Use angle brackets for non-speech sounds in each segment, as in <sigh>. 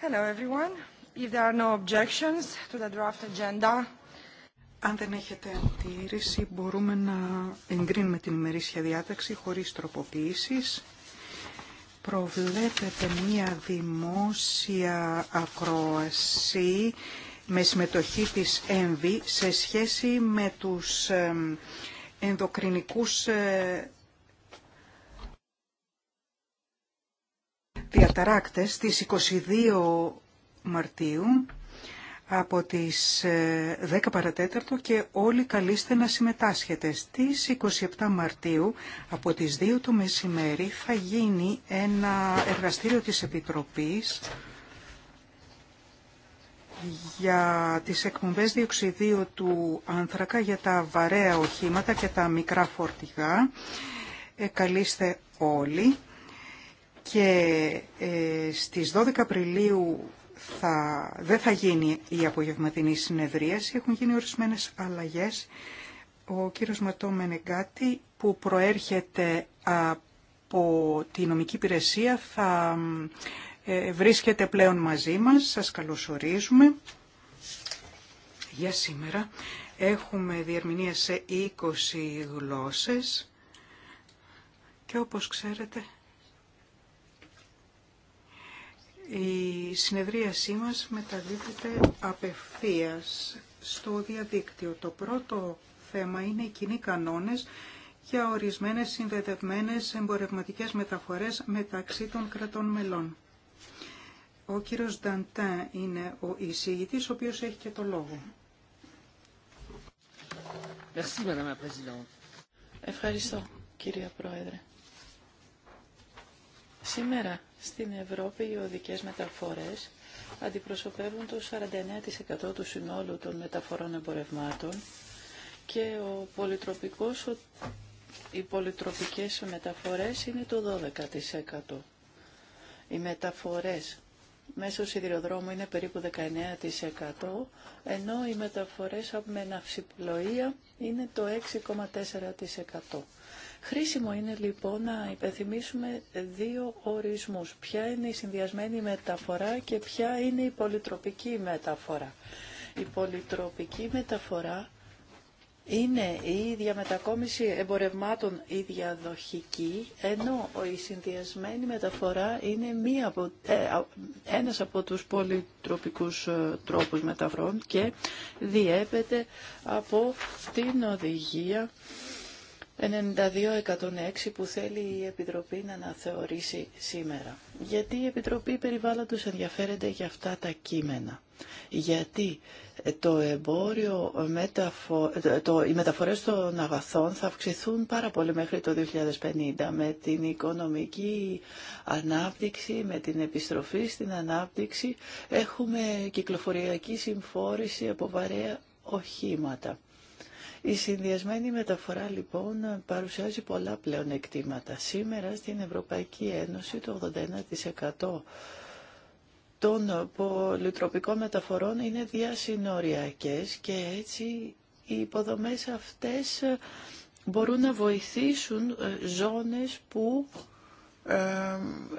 Hello everyone. If there are no Αν δεν έχετε αντίρρηση, μπορούμε να εγκρίνουμε την ημερήσια διάταξη χωρίς τροποποιήσεις. Προβλέπεται μία δημόσια ακρόαση με συμμετοχή της ΕΜΒΗ σε σχέση με τους ενδοκρινικούς ε, καταράκτες στις 22 Μαρτίου από τις 10 ε, παρατέταρτο και όλοι καλείστε να συμμετάσχετε. Στις 27 Μαρτίου από τις 2 το μεσημέρι θα γίνει ένα εργαστήριο της Επιτροπής για τις εκπομπές διοξιδίου του άνθρακα για τα βαρέα οχήματα και τα μικρά φορτηγά. Ε, καλείστε όλοι και ε, στις 12 Απριλίου θα, δεν θα γίνει η απογευματινή συνεδρίαση, έχουν γίνει ορισμένες αλλαγές. Ο κύριος Ματώ Μενεγκάτη που προέρχεται από τη νομική υπηρεσία θα ε, βρίσκεται πλέον μαζί μας. Σας καλωσορίζουμε για σήμερα. Έχουμε διερμηνία σε 20 γλώσσες και όπως ξέρετε Η συνεδρίασή μας μεταδίδεται απευθείας στο διαδίκτυο. Το πρώτο θέμα είναι οι κοινοί κανόνες για ορισμένες συνδεδευμένες εμπορευματικές μεταφορές μεταξύ των κρατών μελών. Ο κύριος Νταντά είναι ο εισηγητής, ο οποίος έχει και το λόγο. Ευχαριστώ, κυρία Πρόεδρε. Σήμερα στην Ευρώπη οι οδικές μεταφορές αντιπροσωπεύουν το 49% του συνόλου των μεταφορών εμπορευμάτων και ο πολυτροπικός, οι πολυτροπικές μεταφορές είναι το 12%. Οι μεταφορές μέσω σιδηροδρόμου είναι περίπου 19%, ενώ οι μεταφορές με ναυσιπλοεία είναι το 6,4%. Χρήσιμο είναι λοιπόν να υπενθυμίσουμε δύο ορισμούς. Ποια είναι η συνδυασμένη μεταφορά και ποια είναι η πολυτροπική μεταφορά. Η πολυτροπική μεταφορά είναι η διαμετακόμιση εμπορευμάτων η διαδοχική, ενώ η συνδυασμένη μεταφορά είναι μία από, ε, ένας από τους πολυτροπικούς ε, τρόπους μεταφορών και διέπεται από την οδηγία 92-106 που θέλει η Επιτροπή να αναθεωρήσει σήμερα. Γιατί η Επιτροπή Περιβάλλοντος ενδιαφέρεται για αυτά τα κείμενα. Γιατί ε, το εμπόριο, μεταφο... Ε, το... οι μεταφορές των αγαθών θα αυξηθούν πάρα πολύ μέχρι το 2050 με την οικονομική ανάπτυξη, με την επιστροφή στην ανάπτυξη. Έχουμε κυκλοφοριακή συμφόρηση από βαρέα οχήματα. Η συνδυασμένη μεταφορά λοιπόν παρουσιάζει πολλά πλέον εκτήματα. Σήμερα στην Ευρωπαϊκή Ένωση το 81% των πολυτροπικών μεταφορών είναι διασυνοριακές και έτσι οι υποδομές αυτές μπορούν να βοηθήσουν ε, ζώνες που ε,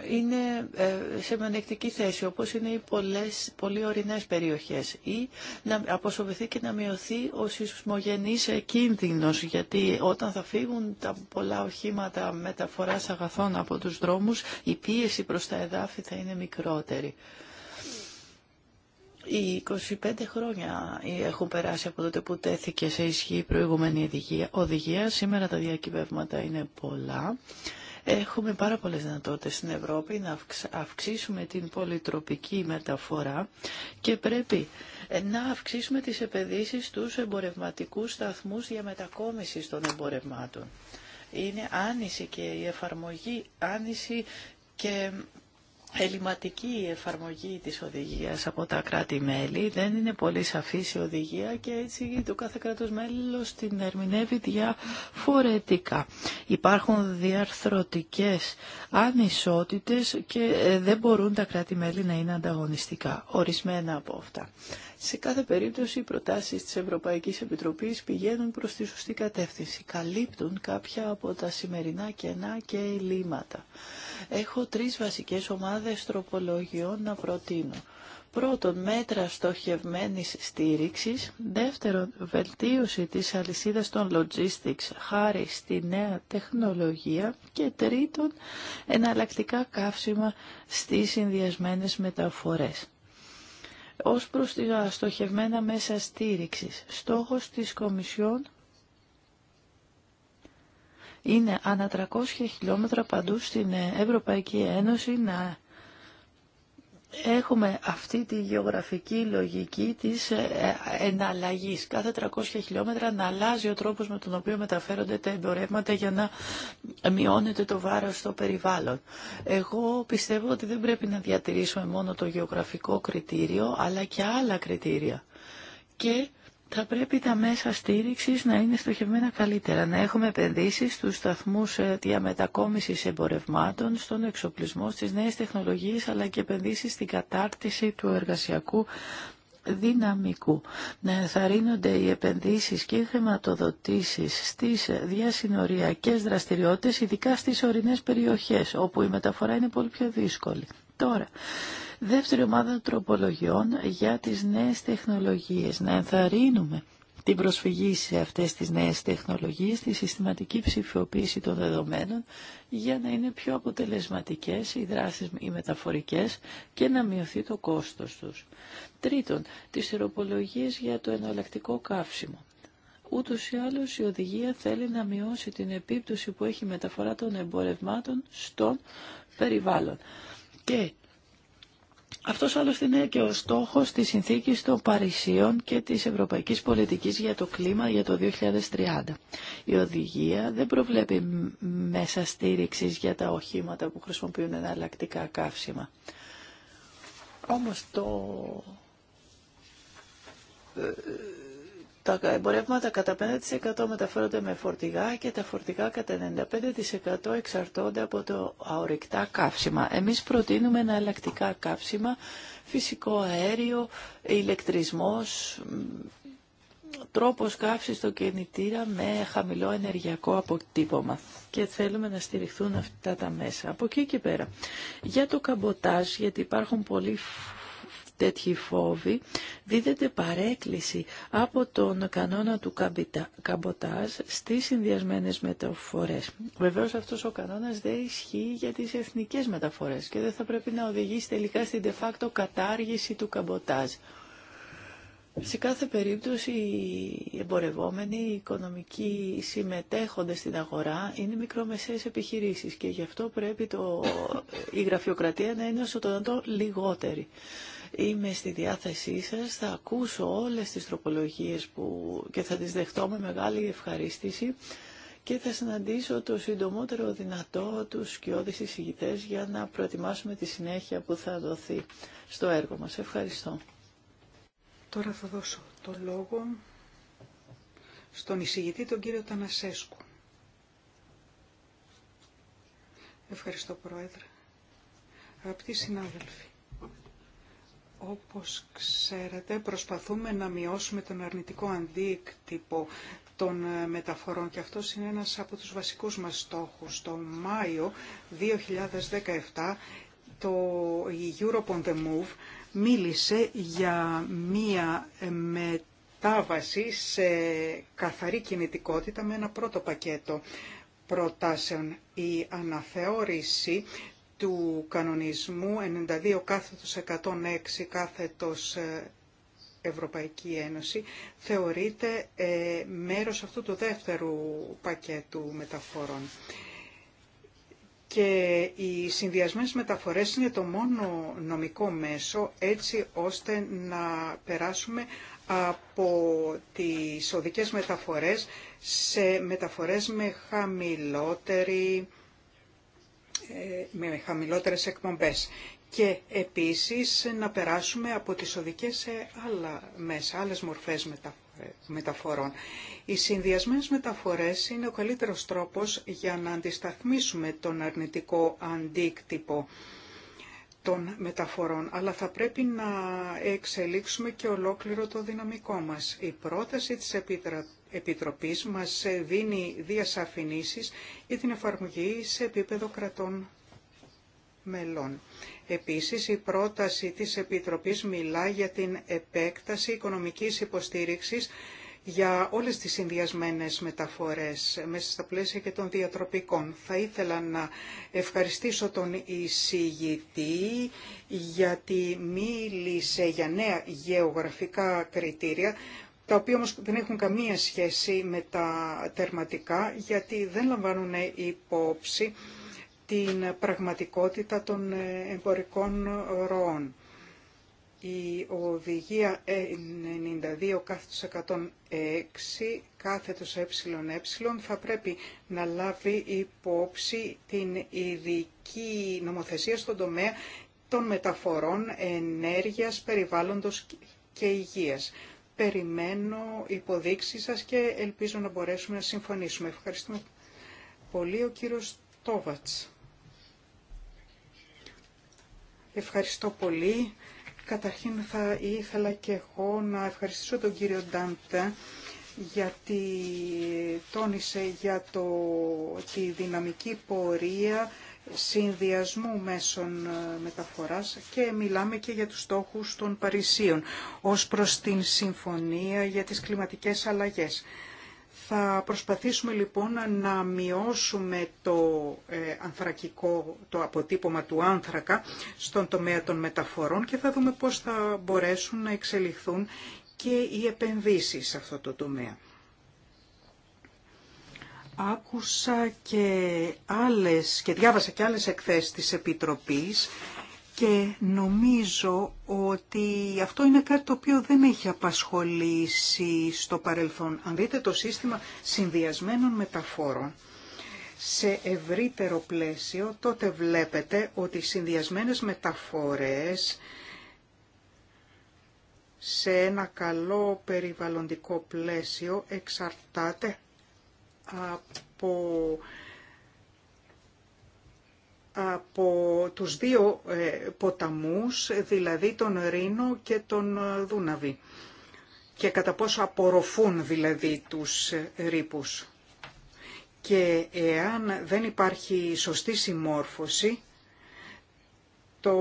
είναι ε, σε μειονεκτική θέση, όπως είναι οι πολλές, πολύ ορεινές περιοχές ή να αποσοβηθεί και να μειωθεί ο σεισμογενής κίνδυνος, γιατί όταν θα φύγουν τα πολλά οχήματα μεταφοράς αγαθών από τους δρόμους, η πίεση προς τα εδάφη θα είναι μικρότερη. Οι 25 χρόνια έχουν περάσει από τότε που τέθηκε σε ισχύ η προηγούμενη οδηγία. Σήμερα τα διακυβεύματα είναι πολλά. Έχουμε πάρα πολλές δυνατότητες στην Ευρώπη να αυξήσουμε την πολυτροπική μεταφορά και πρέπει ε, να αυξήσουμε τις επενδύσεις στους εμπορευματικούς σταθμούς διαμετακόμισης των εμπορευμάτων. Είναι άνηση και η εφαρμογή, άνηση και ελληματική η εφαρμογή της οδηγίας από τα κράτη-μέλη, δεν είναι πολύ σαφής η οδηγία και έτσι το κάθε κράτος μέλος την ερμηνεύει διαφορετικά. Υπάρχουν διαρθρωτικές ανισότητες και ε, δεν μπορούν τα κράτη-μέλη να είναι ανταγωνιστικά, ορισμένα από αυτά. Σε κάθε περίπτωση οι προτάσεις της Ευρωπαϊκής Επιτροπής πηγαίνουν προς τη σωστή κατεύθυνση, καλύπτουν κάποια από τα σημερινά κενά και ελλείμματα. Έχω τρεις βασικές ομάδες τροπολογιών να προτείνω. Πρώτον, μέτρα στοχευμένης στήριξης. Δεύτερον, βελτίωση της αλυσίδας των logistics χάρη στη νέα τεχνολογία. Και τρίτον, εναλλακτικά καύσιμα στις συνδυασμένες μεταφορές ως προς τα στοχευμένα μέσα στήριξης. Στόχος της Κομισιόν είναι ανά 300 χιλιόμετρα παντού στην Ευρωπαϊκή Ένωση να Έχουμε αυτή τη γεωγραφική λογική της ε, εναλλαγής. Κάθε 300 χιλιόμετρα να αλλάζει ο τρόπος με τον οποίο μεταφέρονται τα εμπορεύματα για να μειώνεται το βάρος στο περιβάλλον. Εγώ πιστεύω ότι δεν πρέπει να διατηρήσουμε μόνο το γεωγραφικό κριτήριο, αλλά και άλλα κριτήρια. Και θα πρέπει τα μέσα στήριξης να είναι στοχευμένα καλύτερα. Να έχουμε επενδύσεις στους σταθμούς ε, διαμετακόμισης εμπορευμάτων, στον εξοπλισμό, στις νέες τεχνολογίες, αλλά και επενδύσεις στην κατάρτιση του εργασιακού δυναμικού. Να ενθαρρύνονται οι επενδύσεις και οι χρηματοδοτήσεις στις διασυνοριακές δραστηριότητες, ειδικά στις ορεινές περιοχές, όπου η μεταφορά είναι πολύ πιο δύσκολη. Τώρα, Δεύτερη ομάδα τροπολογιών για τις νέες τεχνολογίες. Να ενθαρρύνουμε την προσφυγή σε αυτές τις νέες τεχνολογίες, τη συστηματική ψηφιοποίηση των δεδομένων για να είναι πιο αποτελεσματικές οι δράσεις οι μεταφορικές και να μειωθεί το κόστος τους. Τρίτον, τις τροπολογίες για το εναλλακτικό καύσιμο. Ούτως ή άλλως η οδηγία θέλει να μειώσει την επίπτωση που έχει η μεταφορά των εμπορευμάτων στον περιβάλλον. Και αυτός άλλωστε είναι και ο στόχος της συνθήκης των Παρισίων και της Ευρωπαϊκής Πολιτικής για το κλίμα για το 2030. Η οδηγία δεν προβλέπει μέσα στήριξη για τα οχήματα που χρησιμοποιούν εναλλακτικά καύσιμα. Όμως το ε, τα εμπορεύματα κατά 5% μεταφέρονται με φορτηγά και τα φορτηγά κατά 95% εξαρτώνται από το αορυκτά καύσιμα. Εμείς προτείνουμε εναλλακτικά καύσιμα, φυσικό αέριο, ηλεκτρισμός, τρόπος καύση στο κινητήρα με χαμηλό ενεργειακό αποτύπωμα και θέλουμε να στηριχθούν αυτά τα μέσα. Από εκεί και πέρα. Για το καμποτάζ, γιατί υπάρχουν πολλοί τέτοιοι φόβοι, δίδεται παρέκκληση από τον κανόνα του καμποτάζ στις συνδυασμένες μεταφορές. Βεβαίως αυτός ο κανόνας δεν ισχύει για τις εθνικές μεταφορές και δεν θα πρέπει να οδηγήσει τελικά στην de facto κατάργηση του καμποτάζ. Σε κάθε περίπτωση οι εμπορευόμενοι, οι οικονομικοί συμμετέχοντες στην αγορά είναι μικρομεσαίες επιχειρήσεις και γι' αυτό πρέπει το, η γραφειοκρατία να είναι όσο το λιγότερη. Είμαι στη διάθεσή σας, θα ακούσω όλες τις τροπολογίες που... και θα τις δεχτώ με μεγάλη ευχαρίστηση και θα συναντήσω το συντομότερο δυνατό τους όδης εισηγητές για να προετοιμάσουμε τη συνέχεια που θα δοθεί στο έργο μας. Ευχαριστώ. Τώρα θα δώσω το λόγο στον εισηγητή τον κύριο Τανασέσκου. Ευχαριστώ Πρόεδρε. Αγαπητοί συνάδελφοι, όπως ξέρετε, προσπαθούμε να μειώσουμε τον αρνητικό αντίκτυπο των ε, μεταφορών και αυτό είναι ένας από τους βασικούς μας στόχους. Το Μάιο 2017 το η Europe on the Move μίλησε για μία μετάβαση σε καθαρή κινητικότητα με ένα πρώτο πακέτο προτάσεων. Η αναθεώρηση του κανονισμού 92 κάθετος 106 κάθετος ε, Ευρωπαϊκή Ένωση θεωρείται ε, μέρος αυτού του δεύτερου πακέτου μεταφορών. Και οι συνδυασμένες μεταφορές είναι το μόνο νομικό μέσο έτσι ώστε να περάσουμε από τις οδικές μεταφορές σε μεταφορές με χαμηλότερη με χαμηλότερες εκπομπές και επίσης να περάσουμε από τις οδικές σε άλλα μέσα, άλλες μορφές μεταφορών. Οι συνδυασμένες μεταφορές είναι ο καλύτερος τρόπος για να αντισταθμίσουμε τον αρνητικό αντίκτυπο των μεταφορών, αλλά θα πρέπει να εξελίξουμε και ολόκληρο το δυναμικό μας. Η πρόταση της Επιτροπής μας δίνει διασαφηνίσεις για την εφαρμογή σε επίπεδο κρατών μελών. Επίσης, η πρόταση της Επιτροπής μιλά για την επέκταση οικονομικής υποστήριξης για όλες τις συνδυασμένες μεταφορές μέσα στα πλαίσια και των διατροπικών. Θα ήθελα να ευχαριστήσω τον εισηγητή γιατί μίλησε για νέα γεωγραφικά κριτήρια τα οποία όμως δεν έχουν καμία σχέση με τα τερματικά, γιατί δεν λαμβάνουν υπόψη την πραγματικότητα των ε, εμπορικών ροών. Η οδηγία 92 κάθετος 106 κάθετος ε θα πρέπει να λάβει υπόψη την ειδική νομοθεσία στον τομέα των μεταφορών ενέργειας, περιβάλλοντος και υγείας περιμένω υποδείξεις σας και ελπίζω να μπορέσουμε να συμφωνήσουμε. Ευχαριστούμε πολύ ο κύριος Τόβατς. Ευχαριστώ πολύ. Καταρχήν θα ήθελα και εγώ να ευχαριστήσω τον κύριο Ντάντα γιατί τόνισε για το, τη δυναμική πορεία συνδυασμού μέσων ε, μεταφοράς και μιλάμε και για τους στόχους των Παρισίων ως προς την Συμφωνία για τις κλιματικές αλλαγές. Θα προσπαθήσουμε λοιπόν να μειώσουμε το ε, ανθρακικό, το αποτύπωμα του άνθρακα στον τομέα των μεταφορών και θα δούμε πώς θα μπορέσουν να εξελιχθούν και οι επενδύσεις σε αυτό το τομέα άκουσα και άλλες και διάβασα και άλλες εκθέσεις της Επιτροπής και νομίζω ότι αυτό είναι κάτι το οποίο δεν έχει απασχολήσει στο παρελθόν. Αν δείτε το σύστημα συνδυασμένων μεταφόρων σε ευρύτερο πλαίσιο, τότε βλέπετε ότι οι συνδυασμένες μεταφορές σε ένα καλό περιβαλλοντικό πλαίσιο εξαρτάται από, από τους δύο ε, ποταμούς, δηλαδή τον Ρήνο και τον ε, Δούναβη και κατά πόσο απορροφούν δηλαδή τους ε, ρήπους. Και εάν δεν υπάρχει σωστή συμμόρφωση, το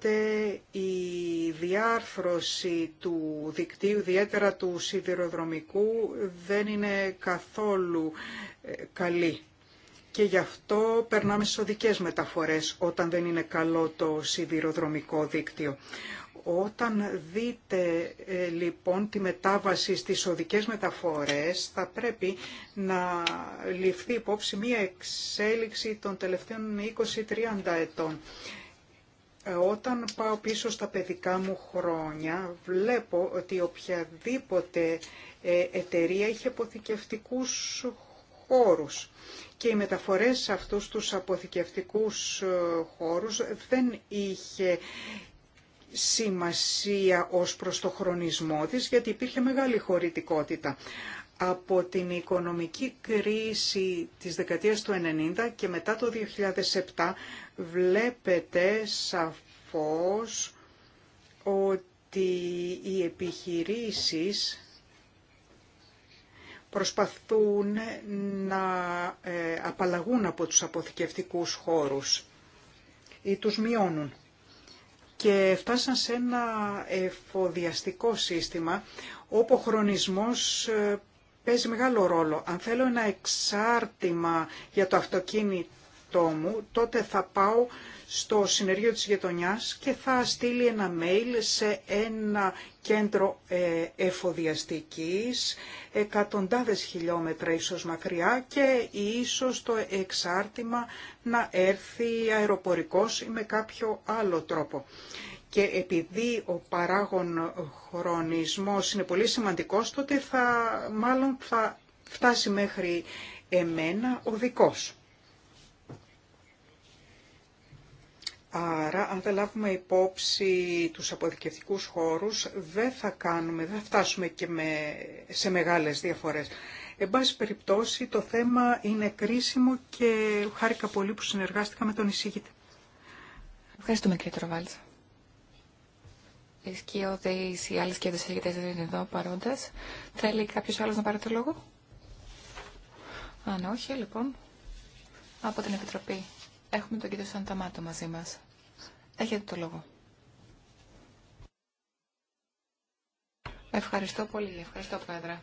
Οπότε η διάρθρωση του δικτύου, ιδιαίτερα του σιδηροδρομικού, δεν είναι καθόλου ε, καλή. Και γι' αυτό περνάμε στις οδικές μεταφορές όταν δεν είναι καλό το σιδηροδρομικό δίκτυο. Όταν δείτε ε, λοιπόν τη μετάβαση στις οδικές μεταφορές θα πρέπει να ληφθεί υπόψη μία εξέλιξη των τελευταίων 20-30 ετών. Ε, όταν πάω πίσω στα παιδικά μου χρόνια, βλέπω ότι οποιαδήποτε ε, εταιρεία είχε αποθηκευτικούς χώρους και οι μεταφορές σε αυτούς τους αποθηκευτικούς ε, χώρους δεν είχε σημασία ως προς το χρονισμό της γιατί υπήρχε μεγάλη χωρητικότητα. Από την οικονομική κρίση της δεκαετίας του 90 και μετά το 2007 βλέπετε σαφώς ότι οι επιχειρήσεις προσπαθούν να ε, απαλλαγούν από τους αποθηκευτικούς χώρους ή τους μειώνουν. Και φτάσαν σε ένα εφοδιαστικό σύστημα όπου ο χρονισμός ε, παίζει μεγάλο ρόλο. Αν θέλω ένα εξάρτημα για το αυτοκίνητο τότε θα πάω στο συνεργείο της γειτονιάς και θα στείλει ένα mail σε ένα κέντρο ε, εφοδιαστικής, εκατοντάδες χιλιόμετρα ίσως μακριά και ίσως το εξάρτημα να έρθει αεροπορικός ή με κάποιο άλλο τρόπο. Και επειδή ο παράγων χρονισμός είναι πολύ σημαντικός, τότε θα, μάλλον θα φτάσει μέχρι εμένα ο δικός. Άρα, αν δεν λάβουμε υπόψη τους αποδικευτικούς χώρους, δεν θα κάνουμε, δεν θα φτάσουμε και με, σε μεγάλες διαφορές. Εν πάση περιπτώσει, το θέμα είναι κρίσιμο και χάρηκα πολύ που συνεργάστηκα με τον εισηγητή. Ευχαριστούμε κύριε Τροβάλτσα. Οι ή οι άλλε σκιώδεις εισηγητές δεν είναι εδώ παρόντες. Θέλει κάποιος άλλος να πάρει το λόγο. Αν όχι, λοιπόν, από την Επιτροπή Έχουμε τον κύριο Σανταμάτο μαζί μας. Έχετε το λόγο. Ευχαριστώ πολύ. Ευχαριστώ, Πρόεδρε.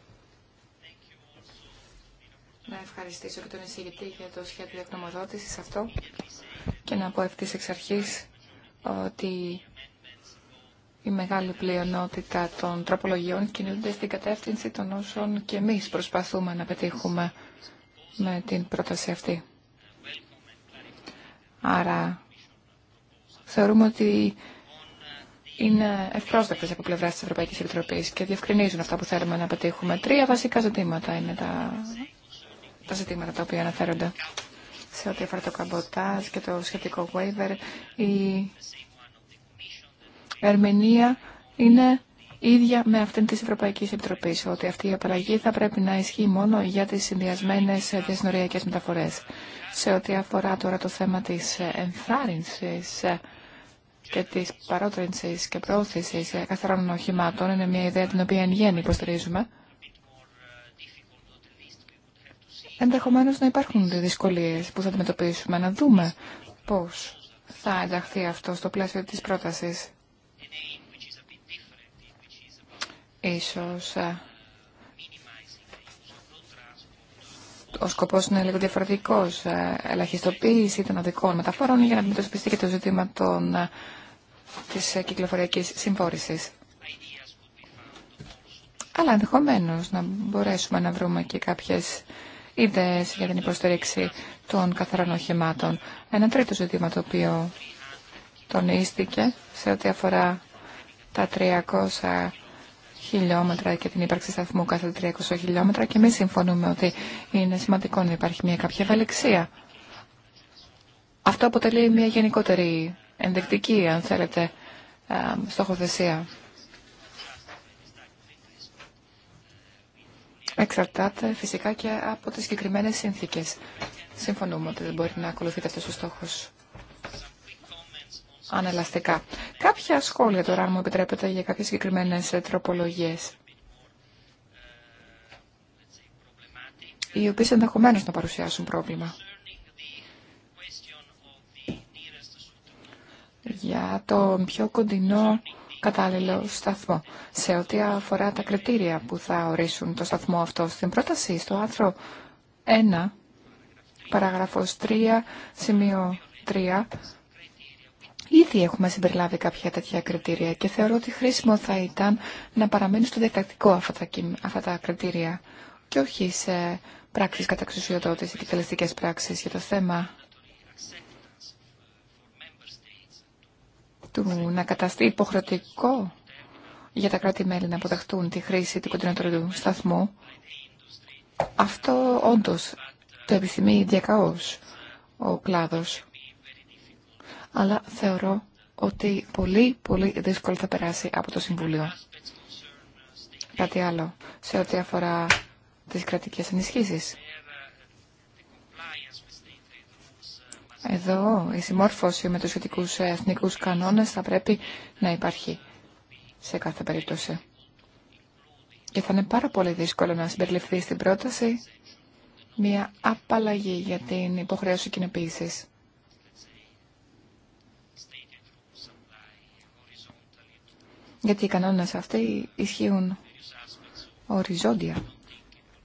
Να ευχαριστήσω και τον εισηγητή για το σχέδιο εκνομοδότηση αυτό και να πω ευθύ εξ αρχή ότι η μεγάλη πλειονότητα των τροπολογιών κινούνται στην κατεύθυνση των όσων και εμείς προσπαθούμε να πετύχουμε με την πρόταση αυτή. Άρα θεωρούμε ότι είναι ευπρόσδεκτες από πλευρά της Ευρωπαϊκής Επιτροπής και διευκρινίζουν αυτά που θέλουμε να πετύχουμε. Τρία βασικά ζητήματα είναι τα, τα ζητήματα τα οποία αναφέρονται σε ό,τι αφορά το καμποτάζ και το σχετικό waiver. Η ερμηνεία είναι ίδια με αυτήν της Ευρωπαϊκής Επιτροπής, ότι αυτή η απαλλαγή θα πρέπει να ισχύει μόνο για τις συνδυασμένες διασυνοριακές μεταφορές. Σε ό,τι αφορά τώρα το θέμα της ενθάρρυνσης και της παρότρινσης και προώθησης καθαρών οχημάτων, είναι μια ιδέα την οποία εν γέννη υποστηρίζουμε. Ενδεχομένω να υπάρχουν δυσκολίε που θα αντιμετωπίσουμε, να δούμε πώ θα ενταχθεί αυτό στο πλαίσιο της πρότασης Ίσως ε, ο σκοπό είναι λίγο διαφορετικό ε, Ελαχιστοποίηση των οδικών μεταφορών για να αντιμετωπιστεί και το ζήτημα τη ε, της κυκλοφοριακής Αλλά ενδεχομένω να μπορέσουμε να βρούμε και κάποιε ιδέε για την υποστήριξη των καθαρών οχημάτων. Ένα τρίτο ζήτημα το οποίο τονίστηκε σε ό,τι αφορά τα 300 χιλιόμετρα και την ύπαρξη σταθμού κάθε 300 χιλιόμετρα και εμεί συμφωνούμε ότι είναι σημαντικό να υπάρχει μια κάποια ευελιξία. Αυτό αποτελεί μια γενικότερη ενδεκτική, αν θέλετε, στοχοθεσία. Εξαρτάται φυσικά και από τις συγκεκριμένες συνθήκες. Συμφωνούμε ότι δεν μπορεί να ακολουθείτε αυτός ο στόχος ανελαστικά. Κάποια σχόλια τώρα, αν μου επιτρέπετε, για κάποιες συγκεκριμένες ε, τροπολογίες. Οι οποίες ενδεχομένω να παρουσιάσουν πρόβλημα. Για τον πιο κοντινό κατάλληλο σταθμό. Σε ό,τι αφορά τα κριτήρια που θα ορίσουν το σταθμό αυτό στην πρόταση, στο άρθρο 1, παράγραφος 3, σημείο 3, Ήδη έχουμε συμπεριλάβει κάποια τέτοια κριτήρια και θεωρώ ότι χρήσιμο θα ήταν να παραμείνουν στο διεκτακτικό αυτά τα, κριτήρια και όχι σε πράξεις κατά εξουσιοδότηση, επιτελεστικές πράξεις για το θέμα του να καταστεί υποχρεωτικό για τα κράτη-μέλη να αποδεχτούν τη χρήση του του σταθμού. Αυτό όντως το επιθυμεί διακαώς ο κλάδος αλλά θεωρώ ότι πολύ πολύ δύσκολο θα περάσει από το Συμβουλίο. Κάτι άλλο σε ό,τι αφορά τις κρατικές ενισχύσεις. Εδώ η συμμόρφωση με τους σχετικούς εθνικούς κανόνες θα πρέπει να υπάρχει σε κάθε περίπτωση. Και θα είναι πάρα πολύ δύσκολο να συμπεριληφθεί στην πρόταση μια απαλλαγή για την υποχρέωση κοινοποίησης. Γιατί οι κανόνες αυτοί ισχύουν οριζόντια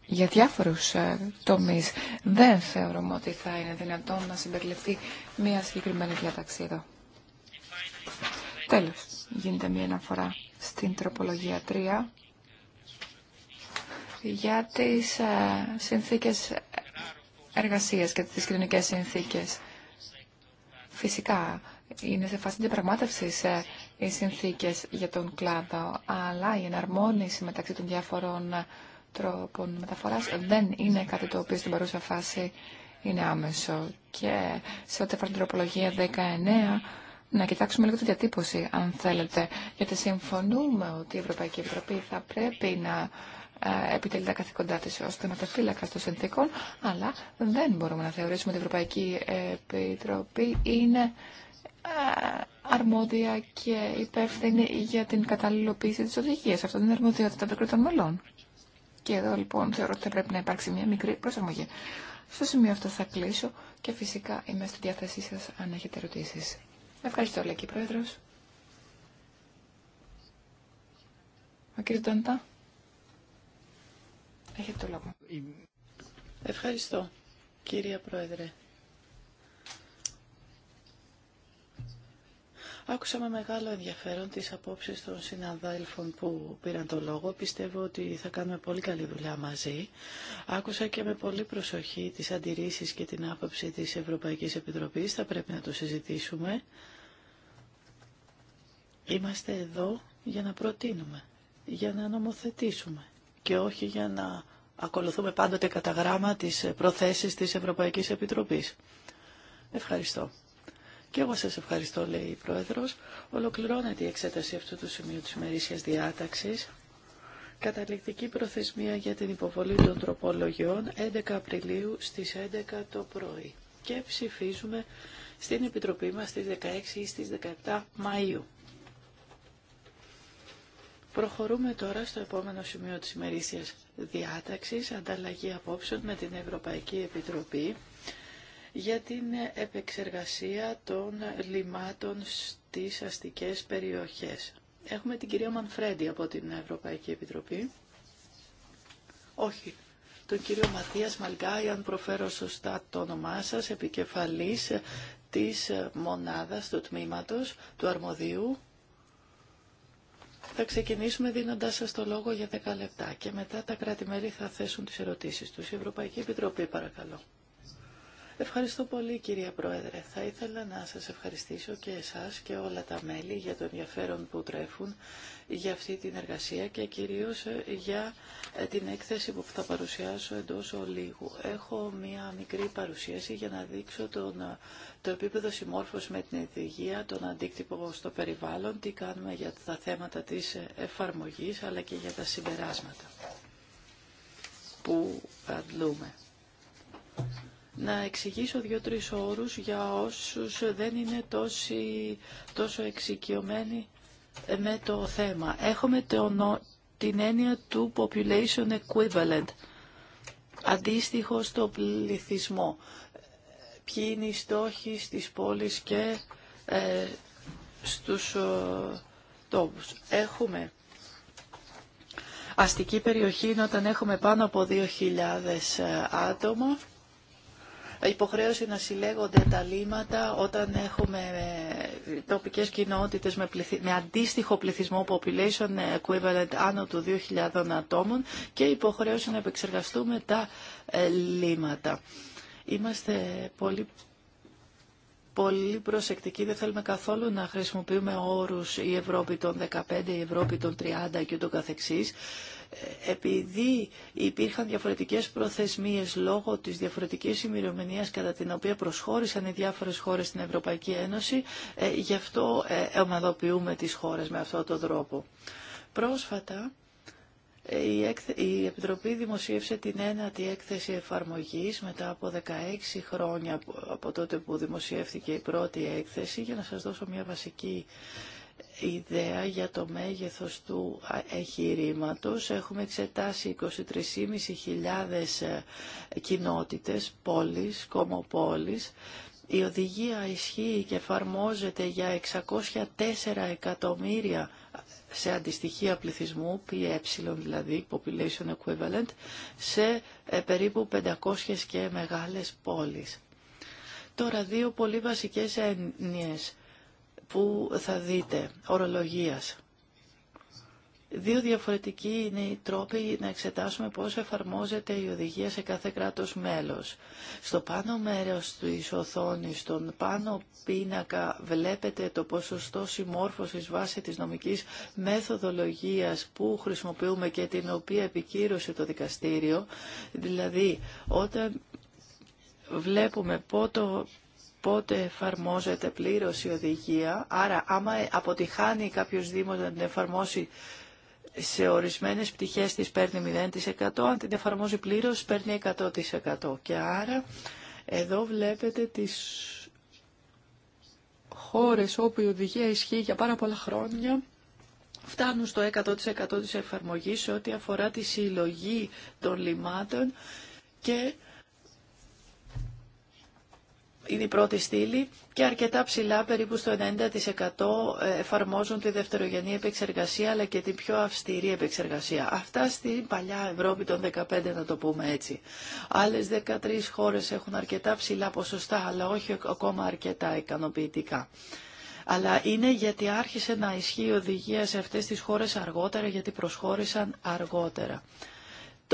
για διάφορους ε, τομείς. Δεν θεωρούμε ότι θα είναι δυνατόν να συμπεριληφθεί μία συγκεκριμένη διάταξη Τέλος, γίνεται μία αναφορά στην τροπολογία 3 για τις ε, συνθήκες εργασίας και τις κοινωνικές συνθήκες. Φυσικά, είναι σε φάση ε, οι συνθήκες για τον κλάδο, αλλά η εναρμόνιση μεταξύ των διάφορων τρόπων μεταφοράς δεν είναι κάτι το οποίο στην παρούσα φάση είναι άμεσο. Και σε ό,τι αφορά την τροπολογία 19, να κοιτάξουμε λίγο τη διατύπωση, αν θέλετε, γιατί συμφωνούμε ότι η Ευρωπαϊκή Επιτροπή θα πρέπει να ε, επιτελεί τα καθήκοντά της ως θεματοφύλακα των συνθήκων, αλλά δεν μπορούμε να θεωρήσουμε ότι η Ευρωπαϊκή Επιτροπή είναι ε, αρμόδια και υπεύθυνη για την καταλληλοποίηση της οδηγίας. Αυτό είναι αρμοδιότητα των κρατών μελών. Και εδώ λοιπόν θεωρώ ότι θα πρέπει να υπάρξει μια μικρή προσαρμογή. Στο σημείο αυτό θα κλείσω και φυσικά είμαι στη διάθεσή σας αν έχετε ερωτήσεις. Ευχαριστώ λέει και Πρόεδρος. Ο κ. Νταντά. Έχετε το λόγο. Ευχαριστώ κυρία Πρόεδρε. Άκουσα με μεγάλο ενδιαφέρον τις απόψεις των συναδέλφων που πήραν το λόγο. Πιστεύω ότι θα κάνουμε πολύ καλή δουλειά μαζί. Άκουσα και με πολύ προσοχή τις αντιρρήσεις και την άποψη της Ευρωπαϊκής Επιτροπής. Θα πρέπει να το συζητήσουμε. Είμαστε εδώ για να προτείνουμε, για να νομοθετήσουμε και όχι για να ακολουθούμε πάντοτε κατά γράμμα τις προθέσεις της Ευρωπαϊκής Επιτροπής. Ευχαριστώ. Και εγώ σας ευχαριστώ, λέει η Πρόεδρος. Ολοκληρώνεται η εξέταση αυτού του σημείου της ημερήσιας διάταξης. Καταληκτική προθεσμία για την υποβολή των τροπολογιών 11 Απριλίου στις 11 το πρωί. Και ψηφίζουμε στην Επιτροπή μας στις 16 ή στις 17 Μαΐου. Προχωρούμε τώρα στο επόμενο σημείο της ημερήσιας διάταξης, ανταλλαγή απόψεων με την Ευρωπαϊκή Επιτροπή για την επεξεργασία των λιμάτων στις αστικές περιοχές. Έχουμε την κυρία Μανφρέντι από την Ευρωπαϊκή Επιτροπή. Όχι, τον κύριο Ματίας Μαλγκάη, αν προφέρω σωστά το όνομά σας, επικεφαλής της μονάδας του τμήματος του Αρμοδίου. Θα ξεκινήσουμε δίνοντάς σας το λόγο για 10 λεπτά και μετά τα κράτη-μέλη θα θέσουν τις ερωτήσεις τους. Η Ευρωπαϊκή Επιτροπή, παρακαλώ. Ευχαριστώ πολύ κυρία Πρόεδρε. Θα ήθελα να σας ευχαριστήσω και εσάς και όλα τα μέλη για το ενδιαφέρον που τρέφουν για αυτή την εργασία και κυρίως ε, για ε, την έκθεση που θα παρουσιάσω εντός ολίγου. Έχω μία μικρή παρουσίαση για να δείξω τον, ε, το επίπεδο συμμόρφωση με την ειδηγία, τον αντίκτυπο στο περιβάλλον, τι κάνουμε για τα θέματα της εφαρμογής αλλά και για τα συμπεράσματα που αντλούμε να εξηγήσω δύο-τρεις όρους για όσους δεν είναι τόσο εξοικειωμένοι ε, με το θέμα. Έχουμε την έννοια του population equivalent, αντίστοιχο στο πληθυσμό. Ποιοι είναι οι στόχοι στις πόλεις και ε, στους ε, τόπους. Έχουμε αστική περιοχή όταν έχουμε πάνω από 2.000 άτομα υποχρέωση να συλλέγονται τα λίματα όταν έχουμε ε, τοπικές κοινότητες με, με αντίστοιχο πληθυσμό population equivalent άνω του 2.000 ατόμων και υποχρέωση να επεξεργαστούμε τα ε, λίματα. Είμαστε πολύ πολύ προσεκτικοί, δεν θέλουμε καθόλου να χρησιμοποιούμε όρους η Ευρώπη των 15, η Ευρώπη των 30 και ούτω καθεξής επειδή υπήρχαν διαφορετικές προθεσμίες λόγω της διαφορετικής ημερομηνία κατά την οποία προσχώρησαν οι διάφορες χώρες στην Ευρωπαϊκή Ένωση, ε, γι' αυτό ε, ομαδοποιούμε τις χώρες με αυτόν τον τρόπο. Πρόσφατα, ε, η Επιτροπή δημοσίευσε την ένατη έκθεση εφαρμογής μετά από 16 χρόνια από τότε που δημοσιεύθηκε η πρώτη έκθεση για να σας δώσω μια βασική ιδέα για το μέγεθος του εγχειρήματο. Έχουμε εξετάσει 23.500 ε, κοινότητες, πόλεις, κομοπόλεις. Η οδηγία ισχύει και εφαρμόζεται για 604 εκατομμύρια σε αντιστοιχεία πληθυσμού, ΠΕ δηλαδή, population equivalent, σε ε, περίπου 500 και μεγάλες πόλεις. Τώρα δύο πολύ βασικές έννοιες που θα δείτε, ορολογίας. Δύο διαφορετικοί είναι οι τρόποι να εξετάσουμε πώς εφαρμόζεται η οδηγία σε κάθε κράτος μέλος. Στο πάνω μέρος της οθόνης, στον πάνω πίνακα, βλέπετε το ποσοστό συμμόρφωσης βάσει της νομικής μεθοδολογίας που χρησιμοποιούμε και την οποία επικύρωσε το δικαστήριο. Δηλαδή, όταν βλέπουμε πότε πότε εφαρμόζεται πλήρως η οδηγία. Άρα άμα αποτυχάνει κάποιος Δήμος να την εφαρμόσει σε ορισμένες πτυχές της παίρνει 0%, αν την εφαρμόζει πλήρως παίρνει 100%. Και άρα εδώ βλέπετε τις χώρες όπου η οδηγία ισχύει για πάρα πολλά χρόνια φτάνουν στο 100% της εφαρμογής σε ό,τι αφορά τη συλλογή των λιμάτων και είναι η πρώτη στήλη και αρκετά ψηλά, περίπου στο 90% ε, εφαρμόζουν τη δευτερογενή επεξεργασία αλλά και την πιο αυστηρή επεξεργασία. Αυτά στην παλιά Ευρώπη των 15 να το πούμε έτσι. Άλλες 13 χώρες έχουν αρκετά ψηλά ποσοστά αλλά όχι ακόμα αρκετά ικανοποιητικά. Αλλά είναι γιατί άρχισε να ισχύει η οδηγία σε αυτές τις χώρες αργότερα, γιατί προσχώρησαν αργότερα.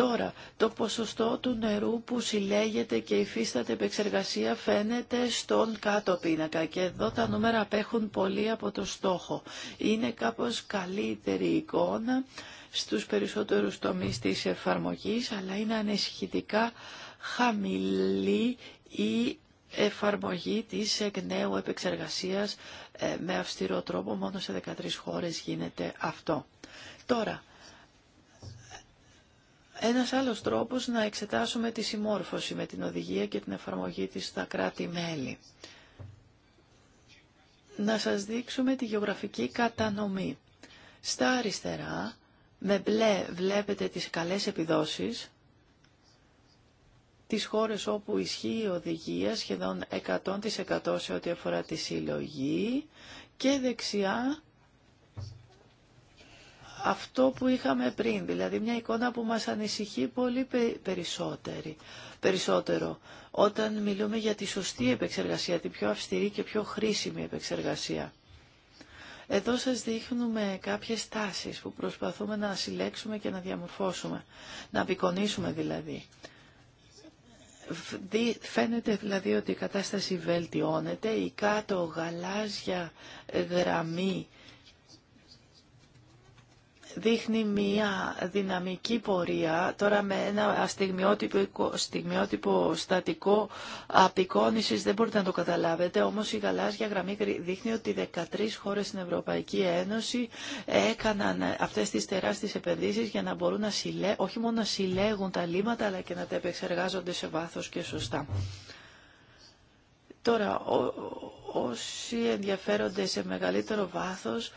Τώρα, το ποσοστό του νερού που συλλέγεται και υφίσταται επεξεργασία φαίνεται στον κάτω πίνακα και εδώ τα νούμερα απέχουν πολύ από το στόχο. Είναι κάπως καλύτερη εικόνα στους περισσότερους τομείς της εφαρμογής, αλλά είναι ανησυχητικά χαμηλή η εφαρμογή της εκ νέου επεξεργασίας ε, με αυστηρό τρόπο. Μόνο σε 13 χώρες γίνεται αυτό. Τώρα, ένας άλλος τρόπος να εξετάσουμε τη συμμόρφωση με την οδηγία και την εφαρμογή της στα κράτη-μέλη. Να σας δείξουμε τη γεωγραφική κατανομή. Στα αριστερά, με μπλε βλέπετε τις καλές επιδόσεις, τις χώρες όπου ισχύει η οδηγία σχεδόν 100% σε ό,τι αφορά τη συλλογή και δεξιά αυτό που είχαμε πριν, δηλαδή μια εικόνα που μας ανησυχεί πολύ περισσότερη, περισσότερο όταν μιλούμε για τη σωστή επεξεργασία, την πιο αυστηρή και πιο χρήσιμη επεξεργασία. Εδώ σας δείχνουμε κάποιες τάσεις που προσπαθούμε να συλλέξουμε και να διαμορφώσουμε, να απεικονίσουμε δηλαδή. Φαίνεται δηλαδή ότι η κατάσταση βελτιώνεται, η κάτω γαλάζια γραμμή δείχνει μία δυναμική πορεία τώρα με ένα στιγμιότυπο, στατικό απεικόνησης δεν μπορείτε να το καταλάβετε όμως η γαλάζια γραμμή δείχνει ότι 13 χώρες στην Ευρωπαϊκή Ένωση έκαναν αυτές τις τεράστιες επενδύσεις για να μπορούν να συλλέ, όχι μόνο να συλλέγουν τα λίματα αλλά και να τα επεξεργάζονται σε βάθος και σωστά. Τώρα, όσοι ενδιαφέρονται σε μεγαλύτερο βάθος,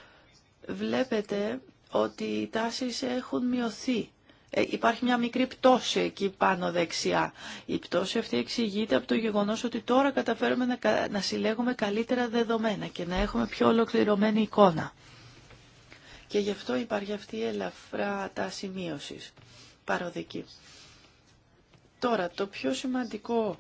βλέπετε ότι οι τάσεις έχουν μειωθεί. Ε, υπάρχει μια μικρή πτώση εκεί πάνω δεξιά. Η πτώση αυτή εξηγείται από το γεγονός ότι τώρα καταφέρουμε να, να συλλέγουμε καλύτερα δεδομένα και να έχουμε πιο ολοκληρωμένη εικόνα. Και γι' αυτό υπάρχει αυτή η ελαφρά τάση μείωσης παροδική. Τώρα, το πιο σημαντικό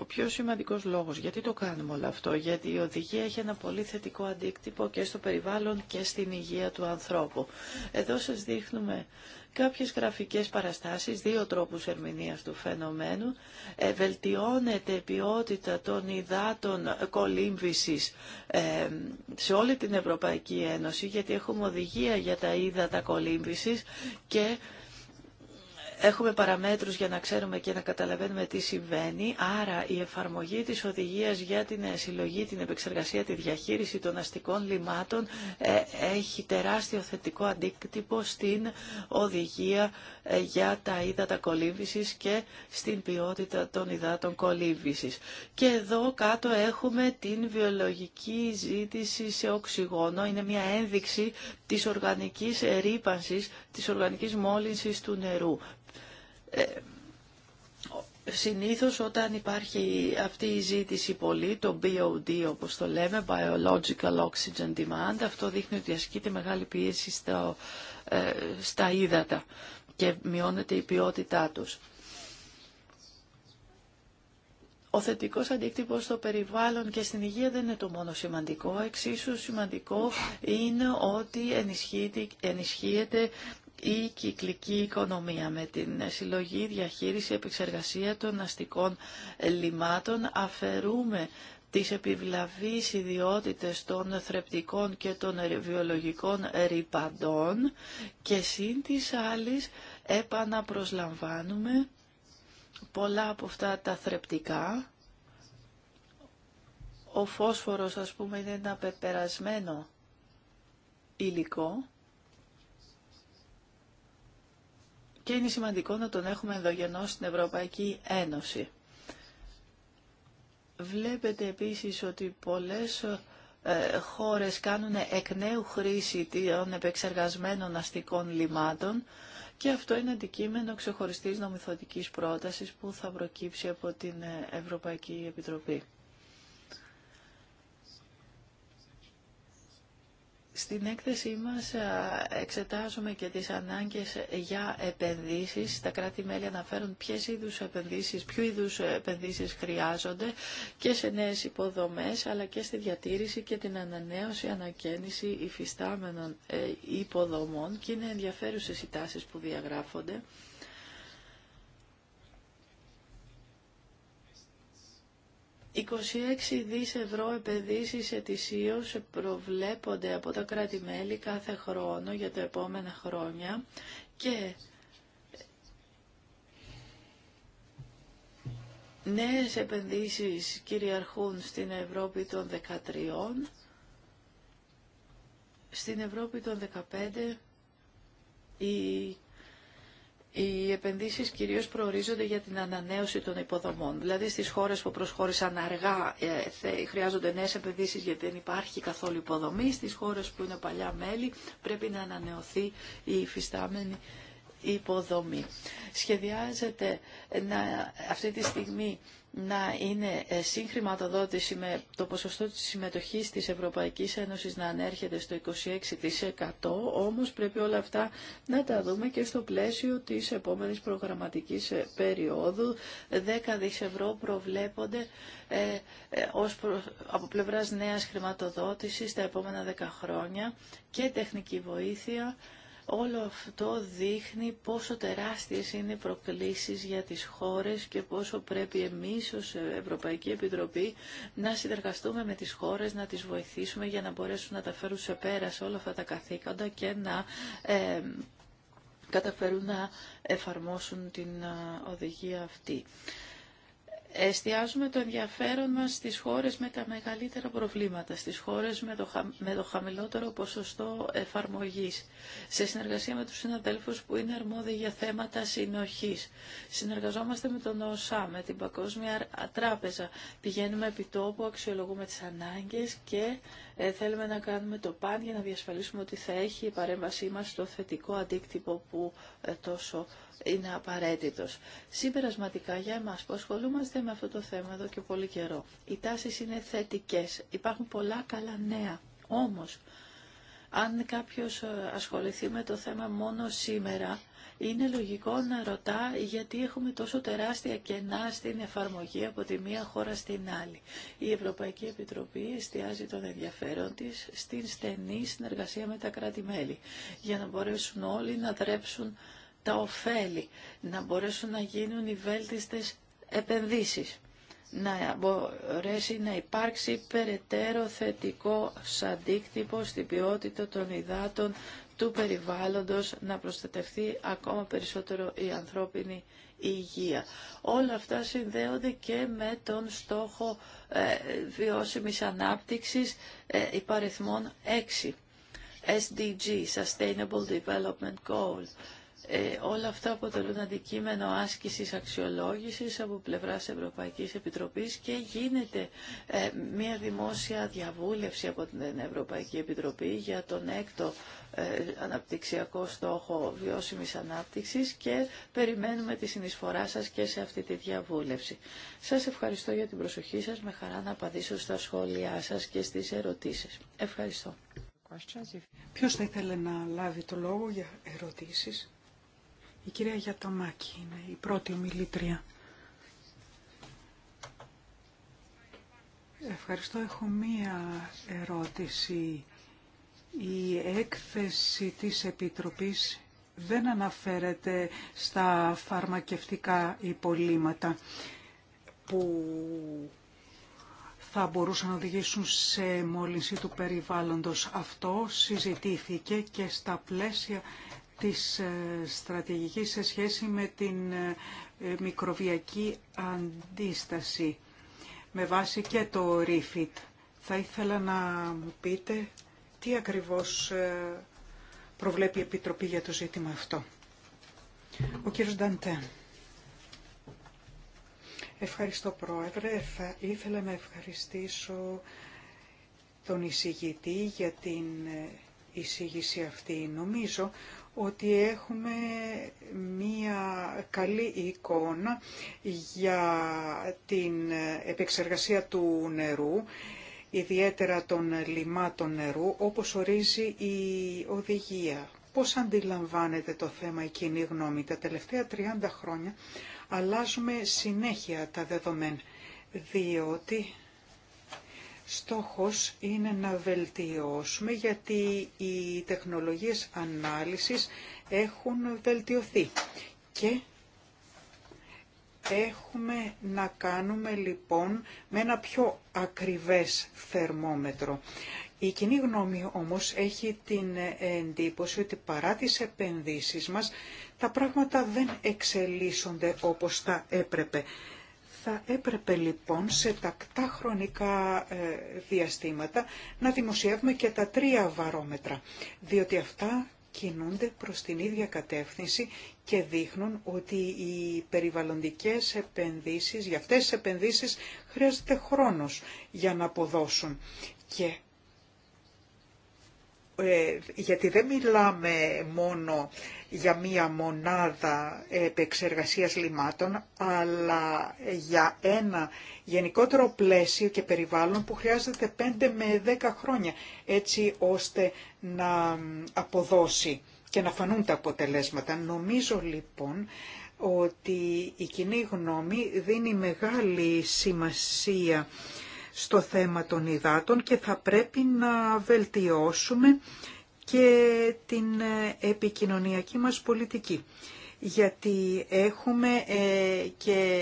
ο πιο σημαντικός λόγος γιατί το κάνουμε όλο αυτό, γιατί η οδηγία έχει ένα πολύ θετικό αντίκτυπο και στο περιβάλλον και στην υγεία του ανθρώπου. Εδώ σας δείχνουμε κάποιες γραφικές παραστάσεις, δύο τρόπους ερμηνείας του φαινομένου. Ε, βελτιώνεται η ποιότητα των υδάτων κολύμβησης ε, σε όλη την Ευρωπαϊκή Ένωση, γιατί έχουμε οδηγία για τα ύδατα κολύμβησης και Έχουμε παραμέτρους για να ξέρουμε και να καταλαβαίνουμε τι συμβαίνει, άρα η εφαρμογή της οδηγίας για την συλλογή, την επεξεργασία, τη διαχείριση των αστικών λιμάτων ε, έχει τεράστιο θετικό αντίκτυπο στην οδηγία ε, για τα ύδατα κολύμβησης και στην ποιότητα των υδάτων κολύμβησης. Και εδώ κάτω έχουμε την βιολογική ζήτηση σε οξυγόνο, είναι μια ένδειξη της οργανικής ρήπανσης της οργανικής μόλυνσης του νερού. Ε, συνήθως όταν υπάρχει αυτή η ζήτηση πολύ, το BOD όπως το λέμε, Biological Oxygen Demand, αυτό δείχνει ότι ασκείται μεγάλη πίεση στα, ε, στα ύδατα και μειώνεται η ποιότητά τους. Ο θετικός αντίκτυπος στο περιβάλλον και στην υγεία δεν είναι το μόνο σημαντικό. Εξίσου σημαντικό είναι ότι ενισχύεται η κυκλική οικονομία με την συλλογή, διαχείριση, επεξεργασία των αστικών λιμάτων αφαιρούμε τις επιβλαβείς ιδιότητες των θρεπτικών και των βιολογικών ρηπαντών και σύν της άλλης επαναπροσλαμβάνουμε πολλά από αυτά τα θρεπτικά. Ο φόσφορος ας πούμε είναι ένα πεπερασμένο υλικό και είναι σημαντικό να τον έχουμε ενδογενώς στην Ευρωπαϊκή Ένωση. Βλέπετε επίσης ότι πολλές ε, χώρες κάνουν εκ νέου χρήση των επεξεργασμένων αστικών λιμάτων και αυτό είναι αντικείμενο ξεχωριστής νομιθωτικής πρότασης που θα προκύψει από την ε, Ευρωπαϊκή Επιτροπή. Στην έκθεσή μας εξετάζουμε και τις ανάγκες για επενδύσεις. Τα κράτη-μέλη αναφέρουν ποιες είδους επενδύσεις, ποιου είδους επενδύσεις χρειάζονται και σε νέες υποδομές, αλλά και στη διατήρηση και την ανανέωση, ανακαίνιση υφιστάμενων ε, υποδομών και είναι ενδιαφέρουσες οι τάσεις που διαγράφονται. 26 δις ευρώ επενδύσεις ετησίως προβλέπονται από τα κράτη-μέλη κάθε χρόνο για τα επόμενα χρόνια και νέες επενδύσεις κυριαρχούν στην Ευρώπη των 13, στην Ευρώπη των 15 η οι επενδύσεις κυρίως προορίζονται για την ανανέωση των υποδομών. Δηλαδή στις χώρες που προσχώρησαν αργά ε, χρειάζονται νέες επενδύσεις γιατί δεν υπάρχει καθόλου υποδομή. Στις χώρες που είναι παλιά μέλη πρέπει να ανανεωθεί η υφιστάμενη υποδομή. Σχεδιάζεται να, αυτή τη στιγμή να είναι ε, συγχρηματοδότηση με το ποσοστό της συμμετοχής της Ευρωπαϊκής Ένωσης να ανέρχεται στο 26%, όμως πρέπει όλα αυτά να τα δούμε και στο πλαίσιο της επόμενης προγραμματικής ε, περίοδου. 10 δις ευρώ προβλέπονται ε, ως προ, από πλευράς νέας χρηματοδότησης τα επόμενα 10 χρόνια και τεχνική βοήθεια Όλο αυτό δείχνει πόσο τεράστιες είναι οι προκλήσεις για τις χώρες και πόσο πρέπει εμείς ως Ευρωπαϊκή Επιτροπή να συνεργαστούμε με τις χώρες, να τις βοηθήσουμε για να μπορέσουν να τα φέρουν σε πέρα σε όλα αυτά τα καθήκοντα και να ε, καταφέρουν να εφαρμόσουν την ε, οδηγία αυτή εστιάζουμε το ενδιαφέρον μας στις χώρες με τα μεγαλύτερα προβλήματα, στις χώρες με το, με το χαμηλότερο ποσοστό εφαρμογής, σε συνεργασία με τους συναδέλφους που είναι αρμόδιοι για θέματα συνοχής. Συνεργαζόμαστε με τον ΟΣΑ, με την Παγκόσμια Τράπεζα, πηγαίνουμε επί τόπου, αξιολογούμε τις ανάγκες και ε, θέλουμε να κάνουμε το παν για να διασφαλίσουμε ότι θα έχει η παρέμβασή μας το θετικό αντίκτυπο που ε, τόσο είναι απαραίτητος. Συμπερασματικά για εμάς που ασχολούμαστε με αυτό το θέμα εδώ και πολύ καιρό. Οι τάσεις είναι θετικές. Υπάρχουν πολλά καλά νέα. Όμως, αν κάποιος ε, ασχοληθεί με το θέμα μόνο σήμερα, είναι λογικό να ρωτά γιατί έχουμε τόσο τεράστια κενά στην εφαρμογή από τη μία χώρα στην άλλη. Η Ευρωπαϊκή Επιτροπή εστιάζει τον ενδιαφέρον της στην στενή συνεργασία με τα κράτη-μέλη για να μπορέσουν όλοι να δρέψουν τα ωφέλη, να μπορέσουν να γίνουν οι βέλτιστες επενδύσεις να μπορέσει να υπάρξει περαιτέρω θετικό αντίκτυπο στην ποιότητα των υδάτων του περιβάλλοντος να προστατευτεί ακόμα περισσότερο η ανθρώπινη υγεία. Όλα αυτά συνδέονται και με τον στόχο ε, βιώσιμης ανάπτυξης ε, υπαριθμών 6. SDG, Sustainable Development Goals. Ε, όλα αυτά αποτελούν αντικείμενο άσκησης αξιολόγησης από πλευράς Ευρωπαϊκής Επιτροπής και γίνεται ε, μια δημόσια διαβούλευση από την Ευρωπαϊκή Επιτροπή για τον έκτο ε, αναπτυξιακό στόχο βιώσιμης ανάπτυξης και περιμένουμε τη συνεισφορά σας και σε αυτή τη διαβούλευση. Σας ευχαριστώ για την προσοχή σας. Με χαρά να απαντήσω στα σχόλιά σας και στις ερωτήσεις. Ευχαριστώ. Ποιος θα ήθελε να λάβει το λόγο για ερωτήσεις. Η κυρία Γιατομάκη είναι η πρώτη ομιλήτρια. Ευχαριστώ. Έχω μία ερώτηση. Η έκθεση της Επιτροπής δεν αναφέρεται στα φαρμακευτικά υπολείμματα που θα μπορούσαν να οδηγήσουν σε μόλυνση του περιβάλλοντος. Αυτό συζητήθηκε και στα πλαίσια της ε, στρατηγικής σε σχέση με την ε, μικροβιακή αντίσταση με βάση και το REFIT. Θα ήθελα να μου πείτε τι ακριβώς ε, προβλέπει η Επιτροπή για το ζήτημα αυτό. Ο κύριος Νταντέ. Ευχαριστώ Πρόεδρε. Θα ήθελα να ευχαριστήσω τον εισηγητή για την εισήγηση αυτή. Νομίζω ότι έχουμε μία καλή εικόνα για την επεξεργασία του νερού, ιδιαίτερα των λιμάτων νερού, όπως ορίζει η οδηγία. Πώς αντιλαμβάνεται το θέμα η κοινή γνώμη. Τα τελευταία 30 χρόνια αλλάζουμε συνέχεια τα δεδομένα, διότι Στόχος είναι να βελτιώσουμε γιατί οι τεχνολογίες ανάλυσης έχουν βελτιωθεί και έχουμε να κάνουμε λοιπόν με ένα πιο ακριβές θερμόμετρο. Η κοινή γνώμη όμως έχει την εντύπωση ότι παρά τις επενδύσεις μας τα πράγματα δεν εξελίσσονται όπως τα έπρεπε. Θα έπρεπε λοιπόν σε τακτά χρονικά ε, διαστήματα να δημοσιεύουμε και τα τρία βαρόμετρα, διότι αυτά κινούνται προς την ίδια κατεύθυνση και δείχνουν ότι οι περιβαλλοντικές επενδύσεις, για αυτές τις επενδύσεις χρειάζεται χρόνος για να αποδώσουν. Και ε, γιατί δεν μιλάμε μόνο για μία μονάδα επεξεργασίας λιμάτων, αλλά για ένα γενικότερο πλαίσιο και περιβάλλον που χρειάζεται 5 με 10 χρόνια, έτσι ώστε να αποδώσει και να φανούν τα αποτελέσματα. Νομίζω λοιπόν ότι η κοινή γνώμη δίνει μεγάλη σημασία στο θέμα των υδάτων και θα πρέπει να βελτιώσουμε και την ε, επικοινωνιακή μας πολιτική. Γιατί έχουμε ε, και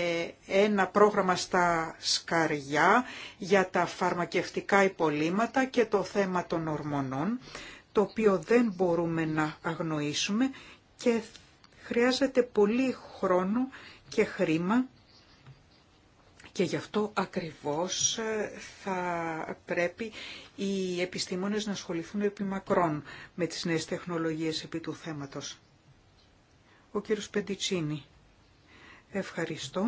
ένα πρόγραμμα στα σκαριά για τα φαρμακευτικά υπολείμματα και το θέμα των ορμονών, το οποίο δεν μπορούμε να αγνοήσουμε και χρειάζεται πολύ χρόνο και χρήμα και γι' αυτό ακριβώς ε, θα πρέπει οι επιστήμονες να ασχοληθούν μακρόν με τις νέες τεχνολογίες επί του θέματος. Ο κύριος Πεντιτσίνη. Ευχαριστώ.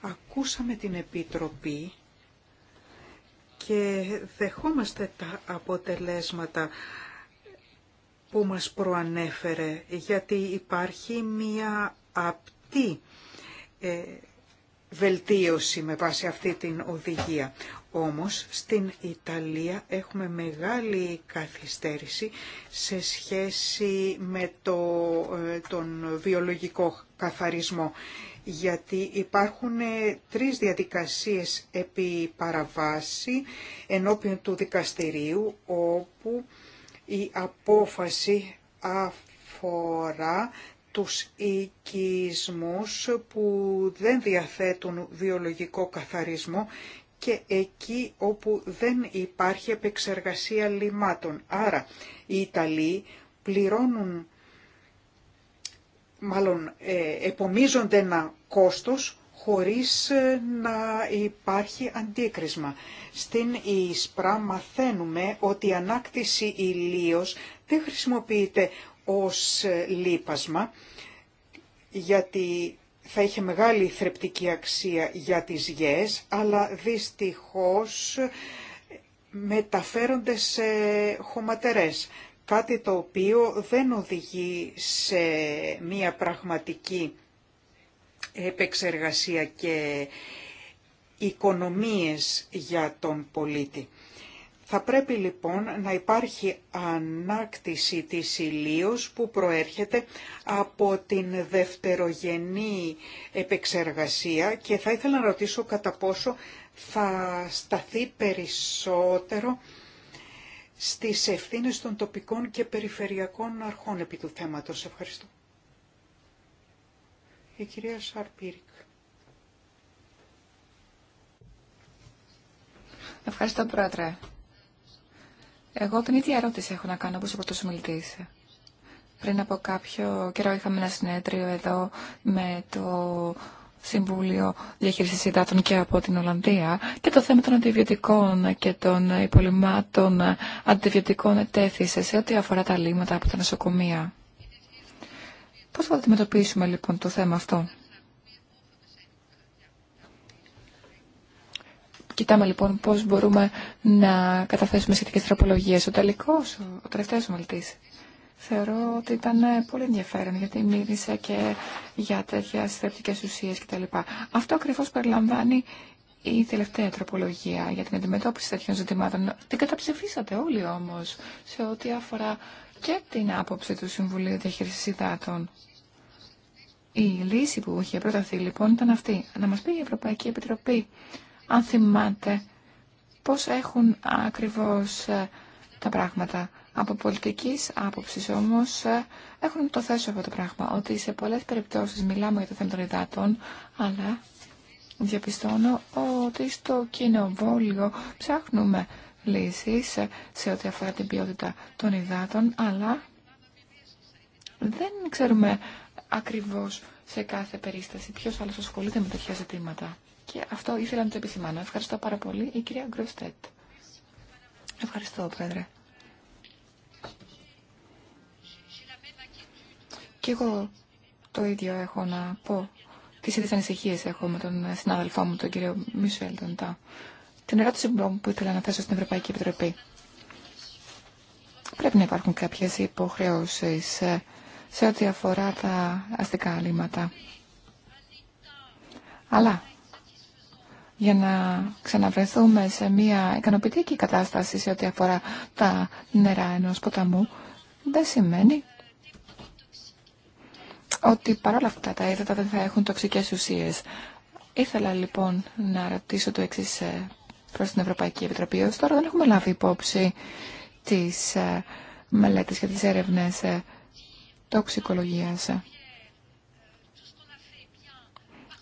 Ακούσαμε την Επιτροπή και δεχόμαστε τα αποτελέσματα που μας προανέφερε, γιατί υπάρχει μία απτή ε, βελτίωση με βάση αυτή την οδηγία. Όμως στην Ιταλία έχουμε μεγάλη καθυστέρηση σε σχέση με το, ε, τον βιολογικό καθαρισμό γιατί υπάρχουν ε, τρεις διαδικασίες επί παραβάση ενώπιον του δικαστηρίου όπου η απόφαση αφορά τους οικισμούς που δεν διαθέτουν βιολογικό καθαρισμό και εκεί όπου δεν υπάρχει επεξεργασία λιμάτων. Άρα οι Ιταλοί πληρώνουν, μάλλον ε, επομίζονται ένα κόστος χωρίς ε, να υπάρχει αντίκρισμα. Στην Ισπρά μαθαίνουμε ότι η ανάκτηση ηλίως δεν χρησιμοποιείται ως ε, λίπασμα γιατί θα είχε μεγάλη θρεπτική αξία για τις γές, αλλά δυστυχώς ε, μεταφέρονται σε χωματερές, κάτι το οποίο δεν οδηγεί σε μία πραγματική επεξεργασία και οικονομίες για τον πολίτη. Θα πρέπει λοιπόν να υπάρχει ανάκτηση της ηλίως που προέρχεται από την δευτερογενή επεξεργασία και θα ήθελα να ρωτήσω κατά πόσο θα σταθεί περισσότερο στις ευθύνες των τοπικών και περιφερειακών αρχών επί του θέματος. Ευχαριστώ. Η κυρία Σαρπίρικ. Ευχαριστώ, Πρόεδρε. Εγώ την ίδια ερώτηση έχω να κάνω όπως ο πρώτος Πριν από κάποιο καιρό είχαμε ένα συνέδριο εδώ με το Συμβούλιο Διαχείρισης Υδάτων και από την Ολλανδία και το θέμα των αντιβιωτικών και των υπολοιμμάτων αντιβιωτικών τέθησε σε ό,τι αφορά τα λίμματα από τα νοσοκομεία. Πώς θα αντιμετωπίσουμε λοιπόν το θέμα αυτό. Κοιτάμε λοιπόν πώ μπορούμε να καταθέσουμε σχετικέ τροπολογίε. Ο τελικό ο τελευταίος ομιλητή, θεωρώ ότι ήταν ε, πολύ ενδιαφέρον γιατί μίλησε και για τέτοιε θρεπτικέ ουσίες κτλ. Αυτό ακριβώ περιλαμβάνει η τελευταία τροπολογία για την αντιμετώπιση τέτοιων ζητημάτων. Την καταψηφίσατε όλοι όμω, σε ό,τι αφορά και την άποψη του Συμβουλίου Διαχείρισης Υδάτων. Η λύση που είχε προταθεί λοιπόν ήταν αυτή. Να μα πει η Ευρωπαϊκή Επιτροπή αν θυμάται πώς έχουν ακριβώς ε, τα πράγματα. Από πολιτικής άποψης όμως ε, έχουν το θέσιο αυτό το πράγμα, ότι σε πολλές περιπτώσεις μιλάμε για το θέμα των υδάτων, αλλά διαπιστώνω ότι στο κοινοβόλιο ψάχνουμε λύσεις ε, σε ό,τι αφορά την ποιότητα των υδάτων, αλλά δεν ξέρουμε ακριβώς σε κάθε περίσταση ποιος άλλος ασχολείται με τέτοια ζητήματα. Και αυτό ήθελα να το επισημάνω. Ευχαριστώ πάρα πολύ. Η κυρία Γκροστέτ. Ευχαριστώ, Πρόεδρε. Και εγώ το ίδιο έχω να πω. Τις ίδιες ανησυχίες έχω με τον συνάδελφό μου, τον κύριο Μισελ Τοντά. Την ερώτηση λοιπόν που ήθελα να θέσω στην Ευρωπαϊκή Επιτροπή. Πρέπει να υπάρχουν κάποιες υποχρεώσεις σε ό,τι αφορά τα αστικά αλήματα. Αλλά για να ξαναβρεθούμε σε μια ικανοποιητική κατάσταση σε ό,τι αφορά τα νερά ενός ποταμού, δεν σημαίνει ότι παρόλα αυτά τα έδωτα δεν θα έχουν τοξικές ουσίες. Ήθελα λοιπόν να ρωτήσω το εξή ε, προς την Ευρωπαϊκή Επιτροπή. Ως τώρα δεν έχουμε λάβει υπόψη τις ε, μελέτες και τις έρευνες ε, τοξικολογίας.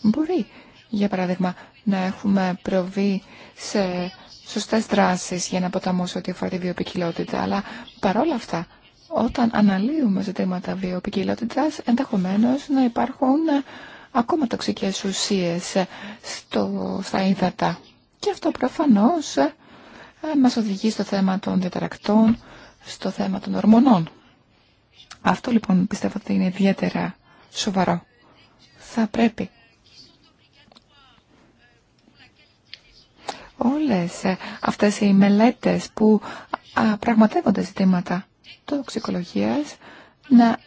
Μπορεί, για παράδειγμα, να έχουμε προβεί σε σωστές δράσεις για να ποταμώσουμε ό,τι αφορά τη βιοπικιλότητα. Αλλά παρόλα αυτά, όταν αναλύουμε ζητήματα βιοπικιλότητας, ενδεχομένως να υπάρχουν ακόμα τοξικές ουσίες στο, στα ύδατα. Και αυτό προφανώς ε, μας οδηγεί στο θέμα των διαταρακτών, στο θέμα των ορμονών. Αυτό λοιπόν πιστεύω ότι είναι ιδιαίτερα σοβαρό. Θα πρέπει όλες ε, αυτές οι μελέτες που πραγματεύονται ζητήματα τοξικολογίας να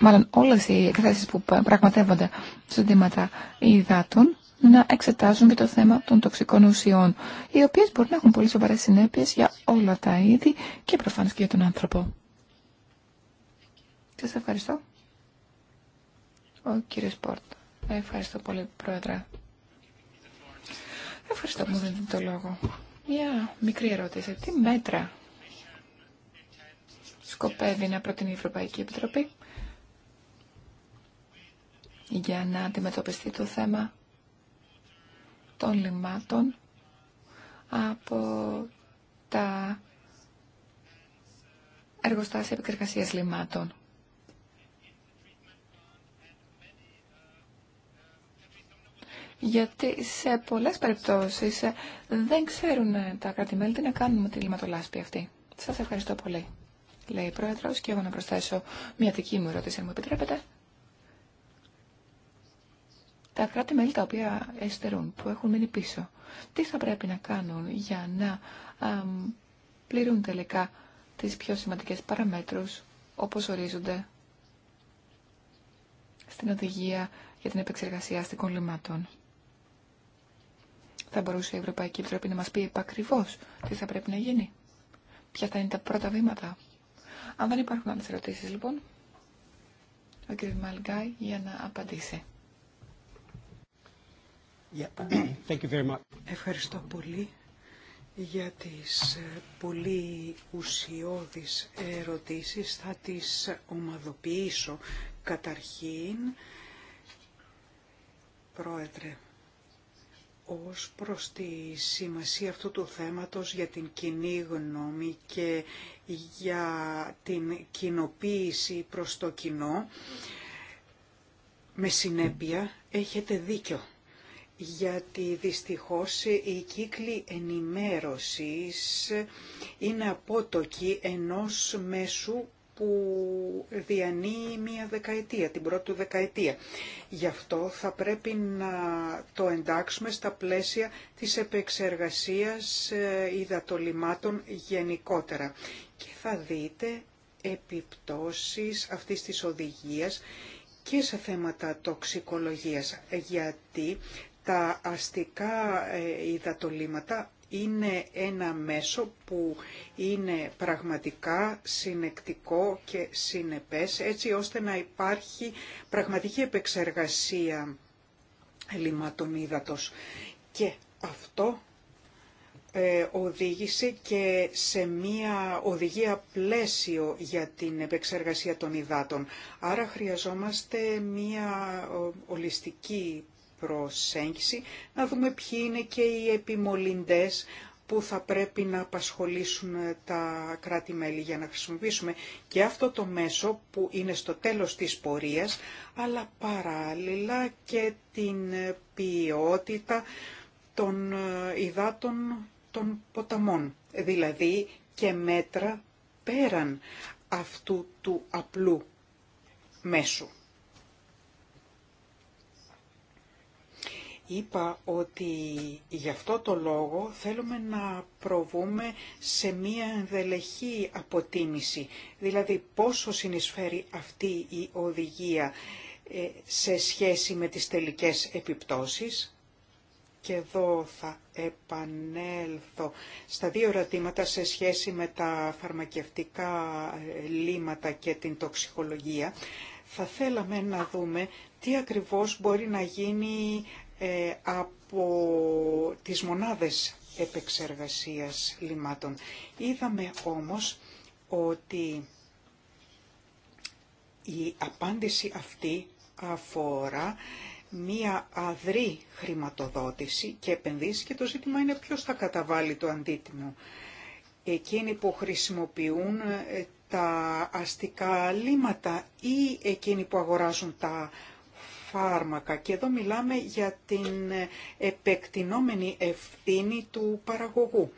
μάλλον όλες οι εκθέσεις που πραγματεύονται ζητήματα υδάτων να εξετάζουν και το θέμα των τοξικών ουσιών, οι οποίες μπορεί να έχουν πολύ σοβαρές συνέπειες για όλα τα είδη και προφανώς και για τον άνθρωπο. Σας ευχαριστώ. Ο κύριος Πόρτ. Ευχαριστώ πολύ, Πρόεδρε. Ευχαριστώ μου δίνετε το λόγο. Μια μικρή ερώτηση. Τι μέτρα σκοπεύει να προτείνει η Ευρωπαϊκή Επιτροπή για να αντιμετωπιστεί το θέμα των λιμάτων από τα εργοστάσια επεξεργασίας λιμάτων. γιατί σε πολλές περιπτώσεις ε, δεν ξέρουν ε, τα κράτη-μέλη τι να κάνουν με τη λιματολάσπη αυτή. Σας ευχαριστώ πολύ, λέει η Πρόεδρος και εγώ να προσθέσω μια δική μου ερώτηση, αν μου επιτρέπετε. Τα κράτη-μέλη τα οποία εστερούν, που έχουν μείνει πίσω, τι θα πρέπει να κάνουν για να α, πληρούν τελικά τις πιο σημαντικές παραμέτρους όπως ορίζονται στην οδηγία για την επεξεργασία αστικών λιμάτων. Θα μπορούσε η Ευρωπαϊκή Επιτροπή να μας πει επακριβώ τι θα πρέπει να γίνει. Ποια θα είναι τα πρώτα βήματα. Αν δεν υπάρχουν άλλες ερωτήσεις λοιπόν, ο κ. Μαλγκάη για να απαντήσει. <clears throat> Ευχαριστώ πολύ για τις ε, πολύ ουσιώδεις ερωτήσεις. Θα τις ομαδοποιήσω καταρχήν. Πρόεδρε, ως προς τη σημασία αυτού του θέματος για την κοινή γνώμη και για την κοινοποίηση προς το κοινό, με συνέπεια έχετε δίκιο. Γιατί δυστυχώς οι κύκλη ενημέρωσης είναι απότοκοι ενός μέσου που διανύει μία δεκαετία, την πρώτη δεκαετία. Γι' αυτό θα πρέπει να το εντάξουμε στα πλαίσια της επεξεργασίας ε, υδατολιμάτων γενικότερα. Και θα δείτε επιπτώσεις αυτής της οδηγίας και σε θέματα τοξικολογίας, γιατί τα αστικά ε, υδατολίματα είναι ένα μέσο που είναι πραγματικά συνεκτικό και συνεπές έτσι ώστε να υπάρχει πραγματική επεξεργασία ύδατος. Και αυτό ε, οδήγησε και σε μία οδηγία πλαίσιο για την επεξεργασία των υδάτων. Άρα χρειαζόμαστε μία ε, ολιστική προσέγγιση, να δούμε ποιοι είναι και οι επιμολυντές που θα πρέπει να απασχολήσουν τα κράτη-μέλη για να χρησιμοποιήσουμε και αυτό το μέσο που είναι στο τέλος της πορείας, αλλά παράλληλα και την ποιότητα των ε, υδάτων των ποταμών, δηλαδή και μέτρα πέραν αυτού του απλού μέσου. Είπα ότι γι' αυτό το λόγο θέλουμε να προβούμε σε μία ενδελεχή αποτίμηση, δηλαδή πόσο συνεισφέρει αυτή η οδηγία ε, σε σχέση με τις τελικές επιπτώσεις. Και εδώ θα επανέλθω στα δύο ερωτήματα σε σχέση με τα φαρμακευτικά ε, λύματα και την τοξικολογία. Θα θέλαμε να δούμε τι ακριβώς μπορεί να γίνει ε, από τις μονάδες επεξεργασίας λιμάτων. Είδαμε όμως ότι η απάντηση αυτή αφορά μία αδρή χρηματοδότηση και επενδύσει και το ζήτημα είναι ποιος θα καταβάλει το αντίτιμο. Εκείνοι που χρησιμοποιούν ε, τα αστικά λίματα ή εκείνοι που αγοράζουν τα φάρμακα και εδώ μιλάμε για την επεκτηνόμενη ευθύνη του παραγωγού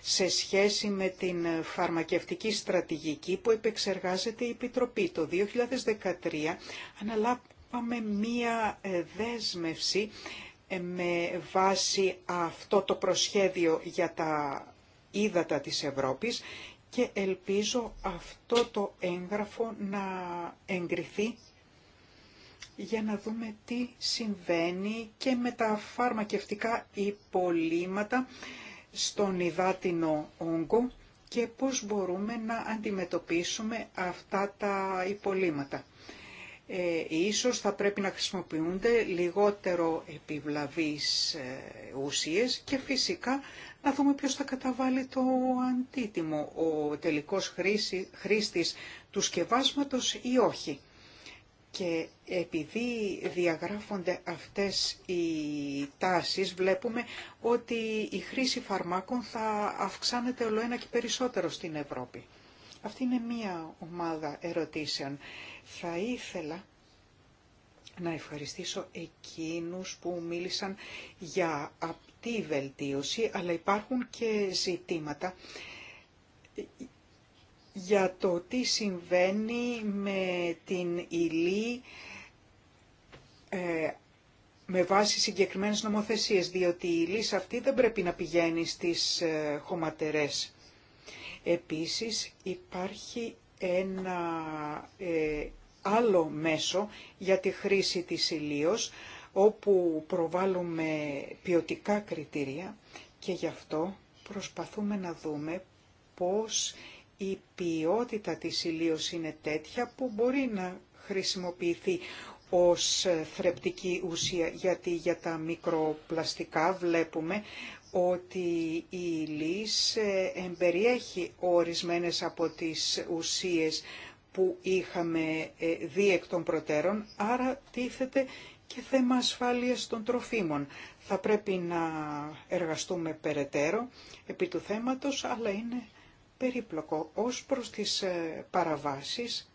σε σχέση με την φαρμακευτική στρατηγική που επεξεργάζεται η Επιτροπή. Το 2013 αναλάβαμε μία ε, δέσμευση ε, με βάση αυτό το προσχέδιο για τα ύδατα της Ευρώπης και ελπίζω αυτό το έγγραφο να εγκριθεί για να δούμε τι συμβαίνει και με τα φαρμακευτικά υπολείμματα στον υδάτινο όγκο και πώς μπορούμε να αντιμετωπίσουμε αυτά τα υπολείμματα. Ε, ίσως θα πρέπει να χρησιμοποιούνται λιγότερο επιβλαβείς ε, ουσίες και φυσικά να δούμε ποιος θα καταβάλει το αντίτιμο, ο τελικός χρήση, χρήστης του σκευάσματος ή όχι. Και επειδή διαγράφονται αυτές οι τάσεις, βλέπουμε ότι η χρήση φαρμάκων θα αυξάνεται ολοένα και περισσότερο στην Ευρώπη. Αυτή είναι μία ομάδα ερωτήσεων. Θα ήθελα να ευχαριστήσω εκείνους που μίλησαν για απτή βελτίωση, αλλά υπάρχουν και ζητήματα για το τι συμβαίνει με την υλή ε, με βάση συγκεκριμένες νομοθεσίες, διότι η υλή σε αυτή δεν πρέπει να πηγαίνει στις ε, χωματερές. Επίσης υπάρχει ένα ε, άλλο μέσο για τη χρήση της ηλίως, όπου προβάλλουμε ποιοτικά κριτήρια και γι' αυτό προσπαθούμε να δούμε πώς η ποιότητα της ηλίως είναι τέτοια που μπορεί να χρησιμοποιηθεί ως θρεπτική ουσία, γιατί για τα μικροπλαστικά βλέπουμε ότι η ηλίς ε, εμπεριέχει ορισμένες από τις ουσίες που είχαμε ε, δει εκ των προτέρων, άρα τίθεται και θέμα ασφάλειας των τροφίμων. Θα πρέπει να εργαστούμε περαιτέρω επί του θέματος, αλλά είναι περίπλοκο ως προς τις ε, παραβάσεις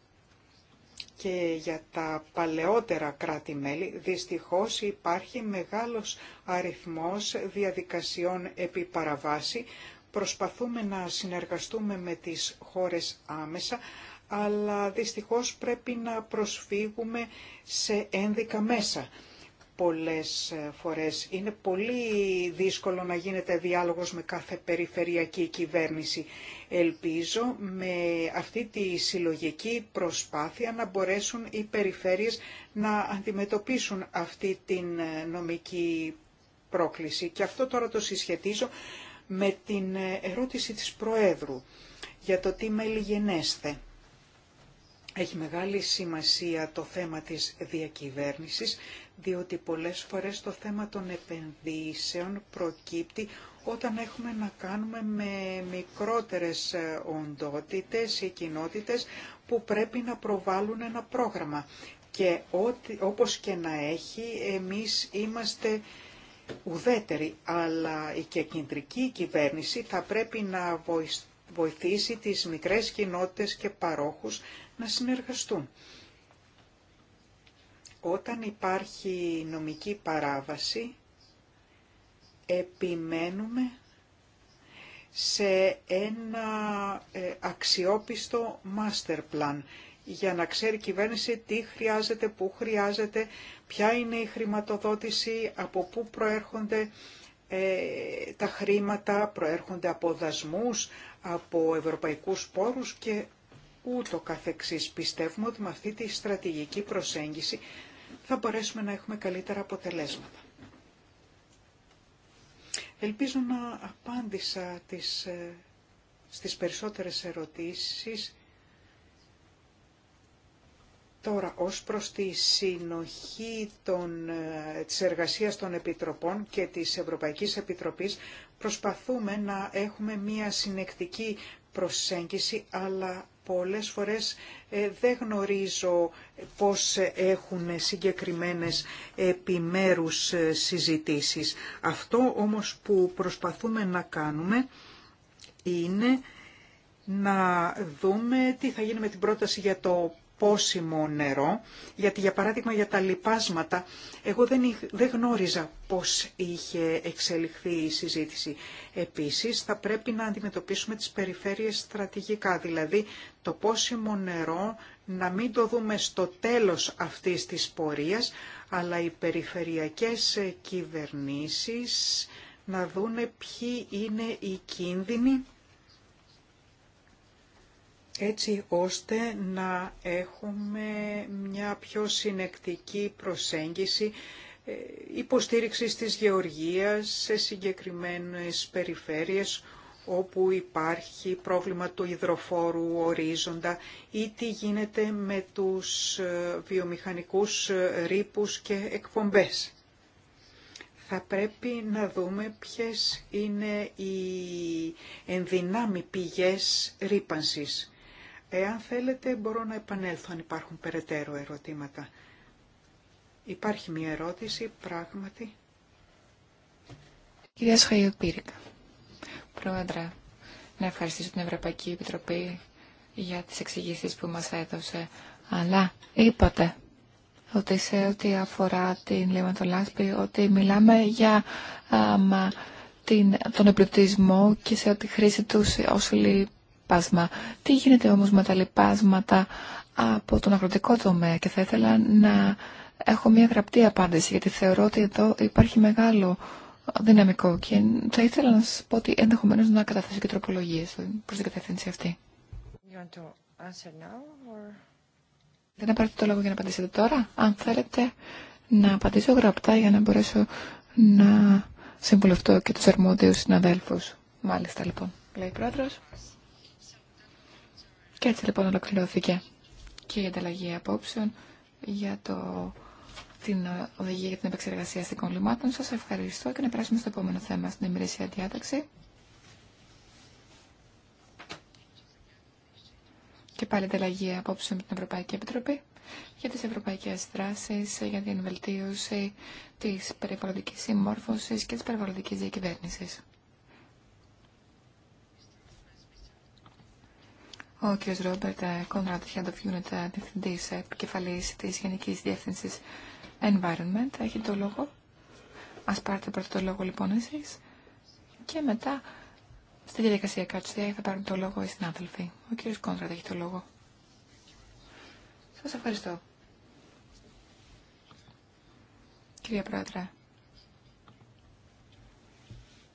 και για τα παλαιότερα κράτη-μέλη δυστυχώς υπάρχει μεγάλος αριθμός διαδικασιών επί παραβάση. Προσπαθούμε να συνεργαστούμε με τις χώρες άμεσα, αλλά δυστυχώς πρέπει να προσφύγουμε σε ένδικα μέσα πολλές ε, φορές. Είναι πολύ δύσκολο να γίνεται διάλογος με κάθε περιφερειακή κυβέρνηση. Ελπίζω με αυτή τη συλλογική προσπάθεια να μπορέσουν οι περιφέρειες να αντιμετωπίσουν αυτή την ε, νομική πρόκληση. Και αυτό τώρα το συσχετίζω με την ε, ερώτηση της Προέδρου για το τι μελιγενέστε. Έχει μεγάλη σημασία το θέμα της διακυβέρνησης διότι πολλές φορές το θέμα των επενδύσεων προκύπτει όταν έχουμε να κάνουμε με μικρότερες ε, οντότητες ή κοινότητες που πρέπει να προβάλλουν ένα πρόγραμμα. Και ό,τι, όπως και να έχει, εμείς είμαστε ουδέτεροι, αλλά και η κεντρική κυβέρνηση θα πρέπει να βοηθήσει τις μικρές κοινότητες και παρόχους να συνεργαστούν. Όταν υπάρχει νομική παράβαση, επιμένουμε σε ένα ε, αξιόπιστο master plan για να ξέρει η κυβέρνηση τι χρειάζεται, πού χρειάζεται, ποια είναι η χρηματοδότηση, από πού προέρχονται ε, τα χρήματα, προέρχονται από δασμούς, από ευρωπαϊκούς πόρους και ούτω καθεξής. Πιστεύουμε ότι με αυτή τη στρατηγική προσέγγιση θα μπορέσουμε να έχουμε καλύτερα αποτελέσματα. Ελπίζω να απάντησα τις, ε, στις περισσότερες ερωτήσεις. Τώρα, ως προς τη συνοχή των, ε, της εργασίας των Επιτροπών και της Ευρωπαϊκής Επιτροπής, προσπαθούμε να έχουμε μία συνεκτική προσέγγιση, αλλά πολλές φορές ε, δεν γνωρίζω πώς έχουν συγκεκριμένες επιμέρους ε, συζητήσεις. Αυτό όμως που προσπαθούμε να κάνουμε είναι να δούμε τι θα γίνει με την πρόταση για το πόσιμο νερό, γιατί για παράδειγμα για τα λοιπάσματα, εγώ δεν, δεν γνώριζα πώς είχε εξελιχθεί η συζήτηση. Επίσης θα πρέπει να αντιμετωπίσουμε τις περιφέρειες στρατηγικά, δηλαδή το πόσιμο νερό να μην το δούμε στο τέλος αυτής της πορείας, αλλά οι περιφερειακές κυβερνήσεις να δούνε ποιοι είναι οι κίνδυνοι έτσι ώστε να έχουμε μια πιο συνεκτική προσέγγιση ε, υποστήριξης της γεωργίας σε συγκεκριμένες περιφέρειες όπου υπάρχει πρόβλημα του υδροφόρου ορίζοντα ή τι γίνεται με τους ε, βιομηχανικούς ε, ρήπους και εκπομπές. Θα πρέπει να δούμε ποιες είναι οι ενδυνάμει πηγές ρήπανσης Εάν θέλετε μπορώ να επανέλθω αν υπάρχουν περαιτέρω ερωτήματα. Υπάρχει μία ερώτηση πράγματι. Κυρία Σχαϊοπύρικα, Πρόεδρε, να ευχαριστήσω την Ευρωπαϊκή Επιτροπή για τις εξηγήσεις που μας έδωσε. Αλλά είπατε ότι σε ό,τι αφορά την λιματολάσπη, ότι μιλάμε για την, τον εμπλουτισμό και σε ό,τι χρήση τους όσοι λιπάσμα. Τι γίνεται όμως με τα λιπάσματα από τον αγροτικό τομέα και θα ήθελα να έχω μια γραπτή απάντηση γιατί θεωρώ ότι εδώ υπάρχει μεγάλο δυναμικό και θα ήθελα να σας πω ότι ενδεχομένως να καταθέσω και τροπολογίες προς την κατεύθυνση αυτή. Δεν απαραίτητο το λόγο για να απαντήσετε τώρα. Αν θέλετε να απαντήσω γραπτά για να μπορέσω να συμβουλευτώ και τους αρμόδιους συναδέλφους. Μάλιστα λοιπόν, λέει η Πρόεδρος. Και έτσι λοιπόν ολοκληρώθηκε και η ανταλλαγή απόψεων για το, την ε, οδηγία για την επεξεργασία αστικών κολλημάτων. Σας ευχαριστώ και να περάσουμε στο επόμενο θέμα στην ημερήσια διάταξη. Και πάλι ανταλλαγή απόψεων με την Ευρωπαϊκή Επιτροπή για τις ευρωπαϊκές δράσεις, για την βελτίωση της περιβαλλοντικής συμμόρφωσης και της περιβαλλοντικής διακυβέρνησης. Ο κ. Ρόμπερτ Κόνραντ Γιούνετ, διευθυντή επικεφαλή τη Γενική Διεύθυνση Environment, έχει το λόγο. Α πάρετε πρώτο το λόγο λοιπόν εσεί και μετά στη διαδικασία κάτσου θα πάρουν το λόγο οι συνάδελφοι. Ο κ. Κόνραντ έχει το λόγο. Σα ευχαριστώ. Κυρία Πρόεδρε,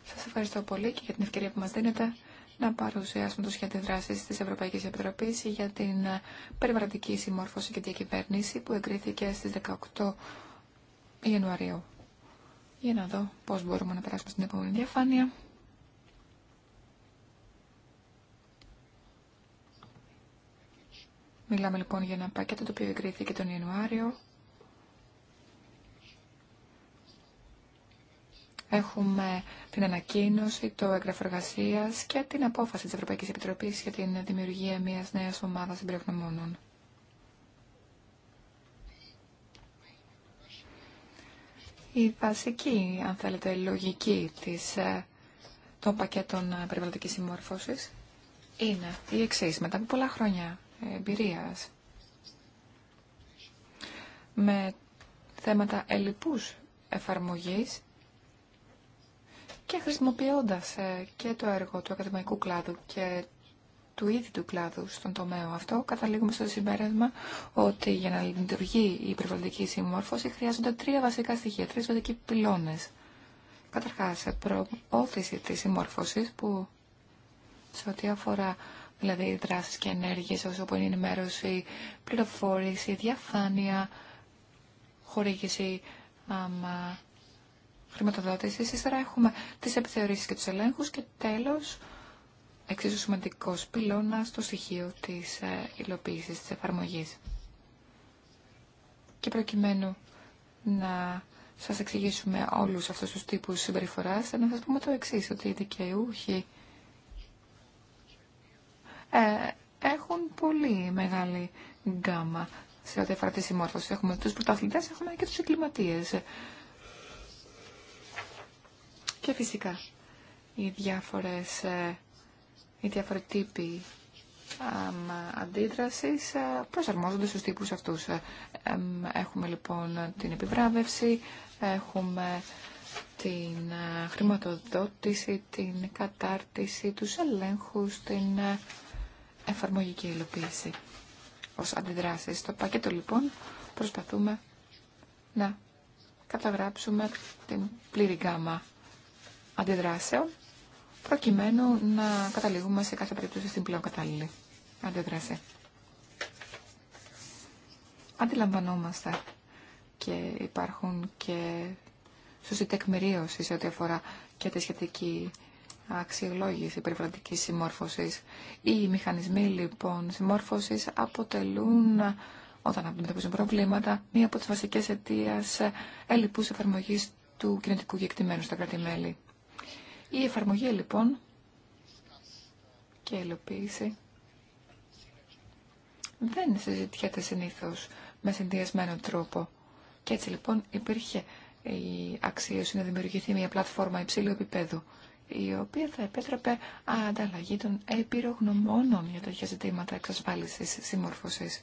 σας ευχαριστώ πολύ και για την ευκαιρία που μας δίνετε να παρουσιάσουμε το σχέδιο δράση τη Ευρωπαϊκή Επιτροπή για την ε, περιβαλλοντική συμμόρφωση και διακυβέρνηση που εγκρίθηκε στι 18 Ιανουαρίου. Για να δω πώ μπορούμε να περάσουμε στην επόμενη διαφάνεια. Μιλάμε λοιπόν για ένα πακέτο το οποίο εγκρίθηκε τον Ιανουάριο Έχουμε την ανακοίνωση, το έγγραφο εργασία και την απόφαση τη Ευρωπαϊκή Επιτροπή για την δημιουργία μια νέα ομάδα εμπειρογνωμόνων. Η βασική, αν θέλετε, λογική της, ε, των πακέτων ε, περιβαλλοντική συμμόρφωση είναι η εξή. Μετά από πολλά χρόνια εμπειρία με θέματα ελλειπούς εφαρμογής και χρησιμοποιώντας ε, και το έργο του ακαδημαϊκού κλάδου και του ίδιου του κλάδου στον τομέα αυτό, καταλήγουμε στο συμπέρασμα ότι για να λειτουργεί η περιβαλλοντική συμμόρφωση χρειάζονται τρία βασικά στοιχεία, τρει βασικοί πυλώνες. Καταρχά προώθηση της συμμόρφωση που σε ό,τι αφορά δηλαδή δράσεις και ενέργειε, όσο που είναι ενημέρωση, πληροφόρηση, διαφάνεια, χορήγηση χρηματοδότησης. Ύστερα έχουμε τις επιθεωρήσεις και του ελέγχου και τέλο, εξίσου σημαντικό πυλώνα το στοιχείο της ε, υλοποίηση, τη εφαρμογή. Και προκειμένου να σα εξηγήσουμε όλους αυτούς τους τύπους συμπεριφοράς, να σα πούμε το εξή ότι οι δικαιούχοι ε, έχουν πολύ μεγάλη γκάμα σε ό,τι αφορά τη συμμόρφωση. Έχουμε τους πρωταθλητές, έχουμε και τους εγκληματίες. Και φυσικά οι διάφορες, ε, οι διάφοροι τύποι αντίδρασης ε, προσαρμόζονται στους τύπους αυτούς. Ε, έχουμε λοιπόν την επιβράβευση, έχουμε την χρηματοδότηση, την κατάρτιση, τους ελέγχους, την εφαρμογική υλοποίηση ως αντιδράσεις. Στο πακέτο λοιπόν προσπαθούμε να καταγράψουμε την πλήρη γάμα αντιδράσεων, προκειμένου να καταλήγουμε σε κάθε περίπτωση στην πλέον κατάλληλη αντιδράση. Αντιλαμβανόμαστε και υπάρχουν και σωστή τεκμηρίωση σε ό,τι αφορά και τη σχετική αξιολόγηση περιβαλλοντικής συμμόρφωσης. Οι μηχανισμοί λοιπόν συμμόρφωσης αποτελούν όταν αντιμετωπίζουν προβλήματα, μία από τις βασικές αιτίες ελλειπούς εφαρμογής του κινητικού κεκτημένου στα κράτη-μέλη. Η εφαρμογή λοιπόν και η υλοποίηση δεν συζητιέται συνήθως με συνδυασμένο τρόπο. Και έτσι λοιπόν υπήρχε η αξίωση να δημιουργηθεί μια πλατφόρμα υψηλού επίπεδου η οποία θα επέτρεπε ανταλλαγή των επιρρογνωμόνων για τέτοια ζητήματα εξασφάλισης συμμόρφωσης.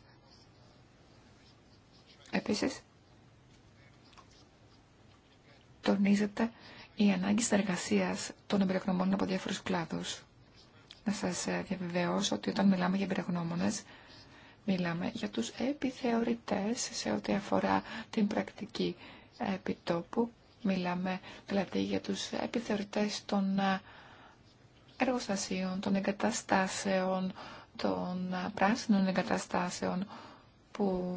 Επίσης, τονίζεται η ανάγκη συνεργασία των εμπειρογνωμών από διάφορου κλάδου. Να σα ε, διαβεβαιώσω ότι όταν μιλάμε για εμπειρογνώμονε, μιλάμε για του επιθεωρητέ σε ό,τι αφορά την πρακτική επιτόπου. Μιλάμε δηλαδή για τους επιθεωρητές των ε, εργοστασίων, των εγκαταστάσεων, των ε, πράσινων εγκαταστάσεων που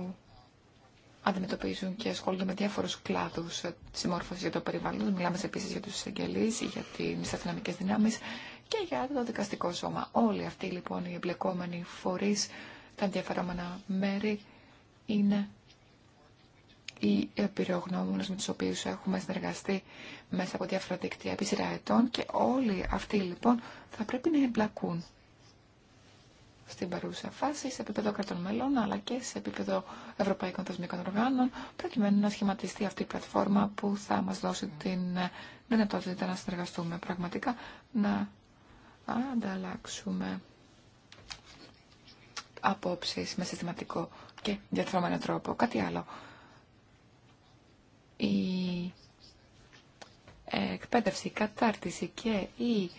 αντιμετωπίζουν και ασχολούνται με διάφορους κλάδους συμμόρφωση για το περιβάλλον. Μιλάμε επίση για του εισαγγελεί, για τι αστυνομικέ δυνάμεις και για το δικαστικό σώμα. Όλοι αυτοί λοιπόν οι εμπλεκόμενοι φορεί, τα ενδιαφερόμενα μέρη είναι οι επιρρογνώμονε με του οποίου έχουμε συνεργαστεί μέσα από διάφορα δίκτυα επί σειρά ετών και όλοι αυτοί λοιπόν θα πρέπει να εμπλακούν στην παρούσα φάση σε επίπεδο κρατών μελών αλλά και σε επίπεδο ευρωπαϊκών θεσμικών οργάνων προκειμένου να σχηματιστεί αυτή η πλατφόρμα που θα μας δώσει την δυνατότητα να συνεργαστούμε πραγματικά, να ανταλλάξουμε απόψεις με συστηματικό και διαθρώμενο τρόπο. Κάτι άλλο. Η εκπαίδευση, η κατάρτιση και η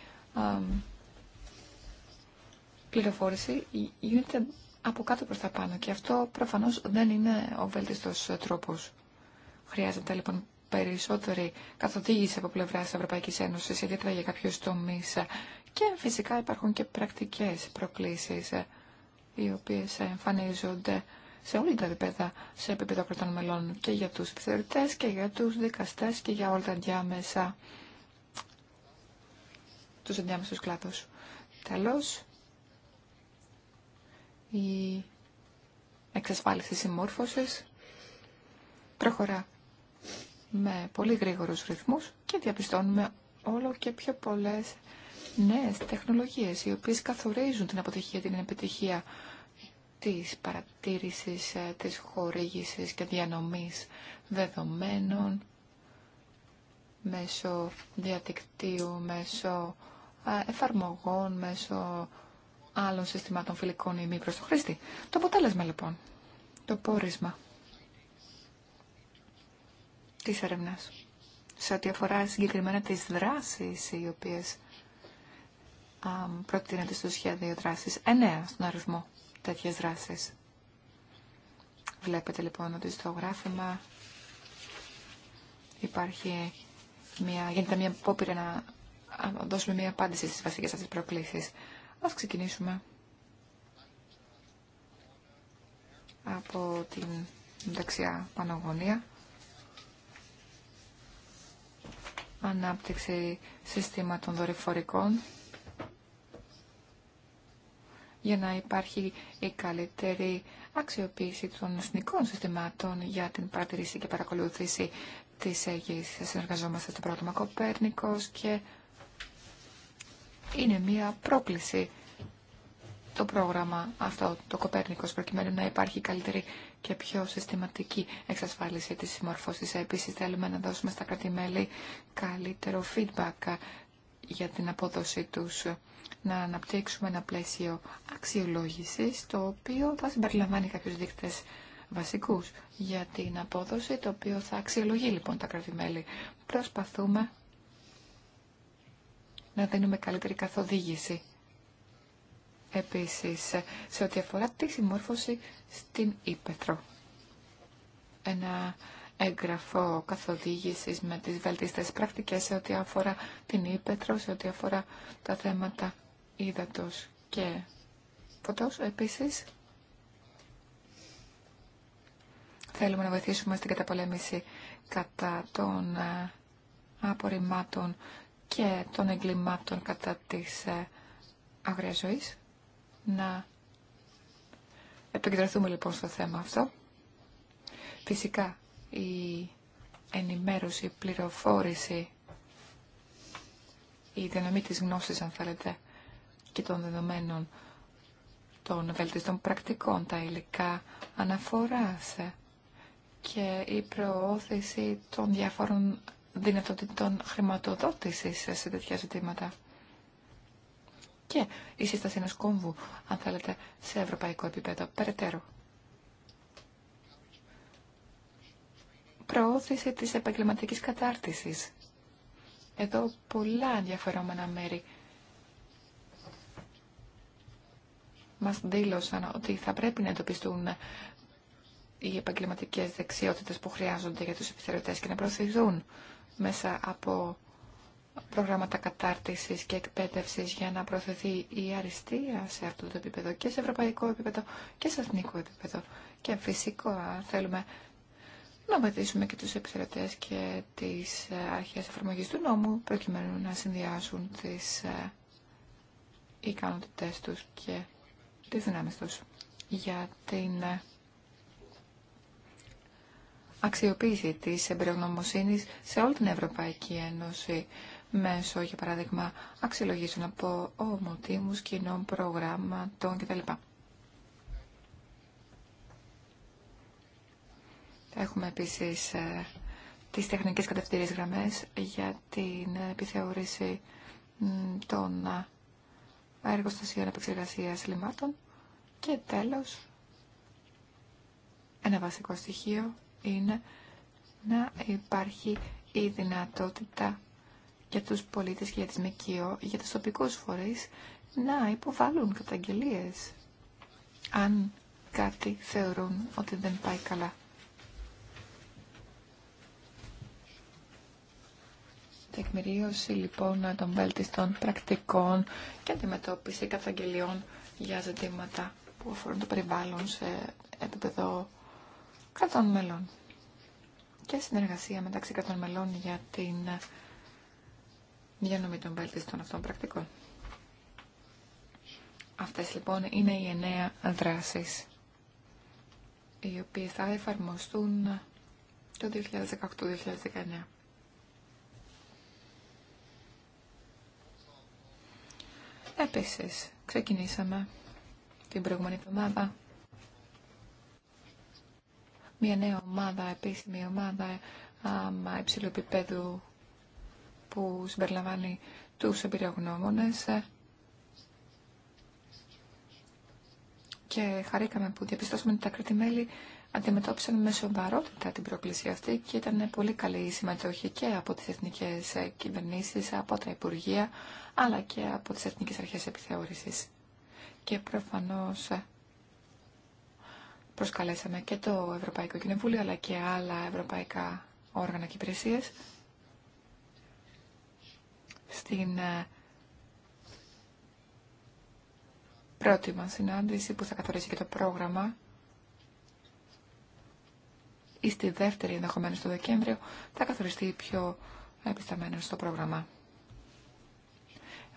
πληροφόρηση γίνεται από κάτω προς τα πάνω και αυτό προφανώς δεν είναι ο βέλτιστος τρόπος. Χρειάζεται λοιπόν περισσότερη καθοδήγηση από πλευρά τη Ευρωπαϊκή Ένωση, ιδιαίτερα για κάποιου τομεί. Και φυσικά υπάρχουν και πρακτικέ προκλήσει, οι οποίε εμφανίζονται σε όλη τα επίπεδα, σε επίπεδο κρατών μελών και για τους επιθεωρητές και για τους δικαστές και για όλα τα διάμεσα τους ενδιάμεσους κλάδους. Τέλος, η εξασφάλιση συμμόρφωσης προχωρά με πολύ γρήγορους ρυθμούς και διαπιστώνουμε όλο και πιο πολλές νέες τεχνολογίες οι οποίες καθορίζουν την αποτυχία, την επιτυχία της παρατήρησης, ε, της χορήγησης και διανομής δεδομένων μέσω διαδικτύου, μέσω ε, εφαρμογών, μέσω άλλων συστημάτων φιλικών ή μη προς το χρήστη. Το αποτέλεσμα λοιπόν, το πόρισμα της έρευνα σε ό,τι αφορά συγκεκριμένα τις δράσεις οι οποίες α, προτείνεται στο σχέδιο δράσης. Εννέα στον αριθμό τέτοιες δράσεις. Βλέπετε λοιπόν ότι στο γράφημα υπάρχει μια, γίνεται μια απόπειρα να δώσουμε μια απάντηση στις βασικές αυτές προκλήσεις. Ας ξεκινήσουμε από την δεξιά πανογωνία. Ανάπτυξη συστήματων δορυφορικών για να υπάρχει η καλύτερη αξιοποίηση των εθνικών συστημάτων για την παρατηρήση και παρακολούθηση της Αίγης. Συνεργαζόμαστε στο πρόγραμμα Κοπέρνικος και είναι μία πρόκληση το πρόγραμμα αυτό, το Κοπέρνικος, προκειμένου να υπάρχει καλύτερη και πιο συστηματική εξασφάλιση της συμμορφώσης. Επίσης, θέλουμε να δώσουμε στα κρατημέλη καλύτερο feedback για την απόδοσή τους. Να αναπτύξουμε ένα πλαίσιο αξιολόγησης, το οποίο θα συμπεριλαμβάνει κάποιους δείκτες βασικούς για την απόδοση, το οποίο θα αξιολογεί λοιπόν τα κρατημέλη. Προσπαθούμε να δίνουμε καλύτερη καθοδήγηση. Επίσης, σε ό,τι αφορά τη συμμόρφωση στην Ήπετρο. Ένα έγγραφο καθοδήγησης με τις βελτιστές πρακτικές σε ό,τι αφορά την Ήπετρο, σε ό,τι αφορά τα θέματα ύδατος και φωτός. Επίσης, θέλουμε να βοηθήσουμε στην καταπολέμηση κατά των ε, απορριμμάτων και των εγκλημάτων κατά της ε, αγριάς ζωής. Να επικεντρωθούμε λοιπόν στο θέμα αυτό. Φυσικά η ενημέρωση, η πληροφόρηση, η δυναμή της γνώσης αν θέλετε και των δεδομένων των βελτιστών πρακτικών, τα υλικά αναφοράς ε, και η προώθηση των διαφόρων δυνατότητων χρηματοδότησης σε τέτοια ζητήματα. Και η σύσταση ενός κόμβου, αν θέλετε, σε ευρωπαϊκό επίπεδο, περαιτέρω. Προώθηση της επαγγελματικής κατάρτισης. Εδώ πολλά ενδιαφερόμενα μέρη μας δήλωσαν ότι θα πρέπει να εντοπιστούν οι επαγγελματικές δεξιότητες που χρειάζονται για τους επιθεωρητές και να προωθηθούν μέσα από προγράμματα κατάρτισης και εκπαίδευσης για να προωθηθεί η αριστεία σε αυτό το επίπεδο και σε ευρωπαϊκό επίπεδο και σε εθνικό επίπεδο. Και φυσικό θέλουμε να βοηθήσουμε και τους επιθερωτές και τις ε, αρχές εφαρμογής του νόμου προκειμένου να συνδυάσουν τις ε, ικανότητές τους και τις δυνάμεις τους για την ε, αξιοποίηση της εμπειρογνωμοσύνης σε όλη την Ευρωπαϊκή Ένωση μέσω, για παράδειγμα, αξιολογήσεων από ομοτήμους, κοινών προγράμματων κτλ. Έχουμε επίσης ε, τις τεχνικές κατευθυντήριες γραμμές για την επιθεώρηση των ε, εργοστασίων επεξεργασίας λιμάτων και τέλος ένα βασικό στοιχείο είναι να υπάρχει η δυνατότητα για τους πολίτες και για τις ΜΚΟ, για τους τοπικούς φορείς, να υποβάλουν καταγγελίες αν κάτι θεωρούν ότι δεν πάει καλά. Τεκμηρίωση λοιπόν των βέλτιστων πρακτικών και αντιμετώπιση καταγγελιών για ζητήματα που αφορούν το περιβάλλον σε επίπεδο κρατών μελών και συνεργασία μεταξύ κρατών μελών για την διανομή των βέλτιστων αυτών πρακτικών. Αυτές λοιπόν είναι οι εννέα δράσεις οι οποίες θα εφαρμοστούν το 2018-2019. Επίσης, ξεκινήσαμε την προηγούμενη εβδομάδα μια νέα ομάδα, επίσημη ομάδα υψηλού επίπεδου που συμπεριλαμβάνει τους εμπειρογνώμονες και χαρήκαμε που διαπιστώσαμε ότι τα κράτη-μέλη αντιμετώπισαν με σοβαρότητα την πρόκληση αυτή και ήταν πολύ καλή η συμμετοχή και από τις εθνικές κυβερνήσεις, από τα Υπουργεία, αλλά και από τις εθνικές αρχές επιθεώρησης. Και προφανώς Προσκαλέσαμε και το Ευρωπαϊκό Κοινοβούλιο αλλά και άλλα ευρωπαϊκά όργανα και υπηρεσίε στην ε, πρώτη μας συνάντηση που θα καθορίσει και το πρόγραμμα ή στη δεύτερη ενδεχομένως το Δεκέμβριο θα καθοριστεί πιο επισταμένο στο πρόγραμμα.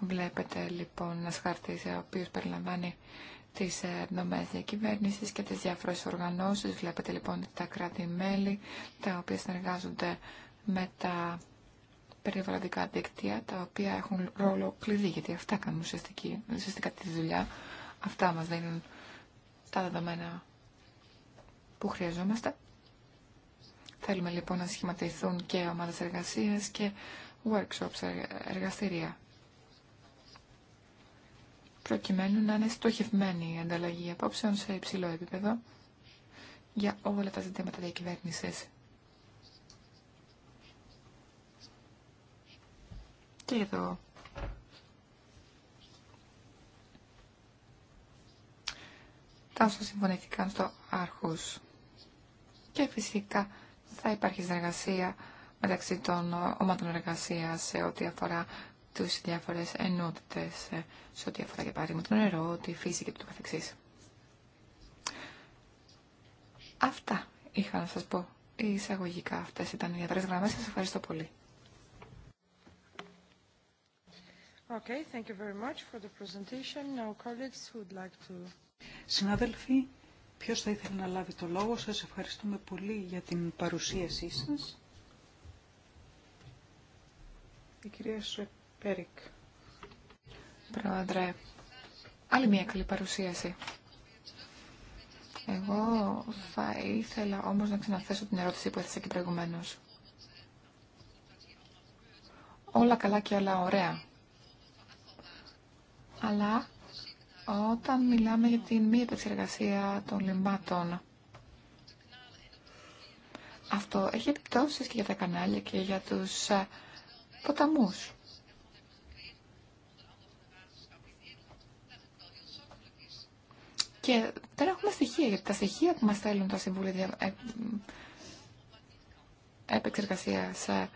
Βλέπετε λοιπόν ένα χαρτί ο οποίο περιλαμβάνει τι ε, δομέ διακυβέρνηση και τι διάφορε οργανώσει. Βλέπετε λοιπόν τα κράτη-μέλη τα οποία συνεργάζονται με τα περιβαλλοντικά δίκτυα, τα οποία έχουν ρόλο κλειδί, γιατί αυτά κάνουν ουσιαστική, ουσιαστικά τη δουλειά. Αυτά μα δίνουν τα δεδομένα που χρειαζόμαστε. Θέλουμε λοιπόν να σχηματιστούν και ομάδε εργασία και workshops, εργαστηρία προκειμένου να είναι στοχευμένη η ανταλλαγή απόψεων σε υψηλό επίπεδο για όλα τα ζητήματα διακυβέρνηση. Και εδώ τα όσα συμφωνήθηκαν στο άρχους. Και φυσικά θα υπάρχει συνεργασία μεταξύ των ομάδων εργασία σε ό,τι αφορά τους διάφορες ενότητες ε, σε ό,τι αφορά για παράδειγμα το νερό, τη φύση και το καθεξής. Αυτά είχα να σας πω. εισαγωγικά αυτές ήταν οι διάφορες γραμμές. Σας ευχαριστώ πολύ. Okay, thank you very much for the presentation. Now, colleagues would like to... Συνάδελφοι, ποιος θα ήθελε να λάβει το λόγο σας. Ευχαριστούμε πολύ για την παρουσίασή σας. Η κυρία Πέρικ. Πρόεδρε, άλλη μια καλή παρουσίαση. Εγώ θα ήθελα όμως να ξαναθέσω την ερώτηση που έθεσα και προηγουμένως. Όλα καλά και όλα ωραία. Αλλά όταν μιλάμε για την μη επεξεργασία των λιμάτων, αυτό έχει επιπτώσεις και για τα κανάλια και για τους ε, ποταμούς. Και δεν έχουμε στοιχεία, γιατί τα στοιχεία που μας στέλνουν τα Συμβούλια ε, επεξεργασία ε,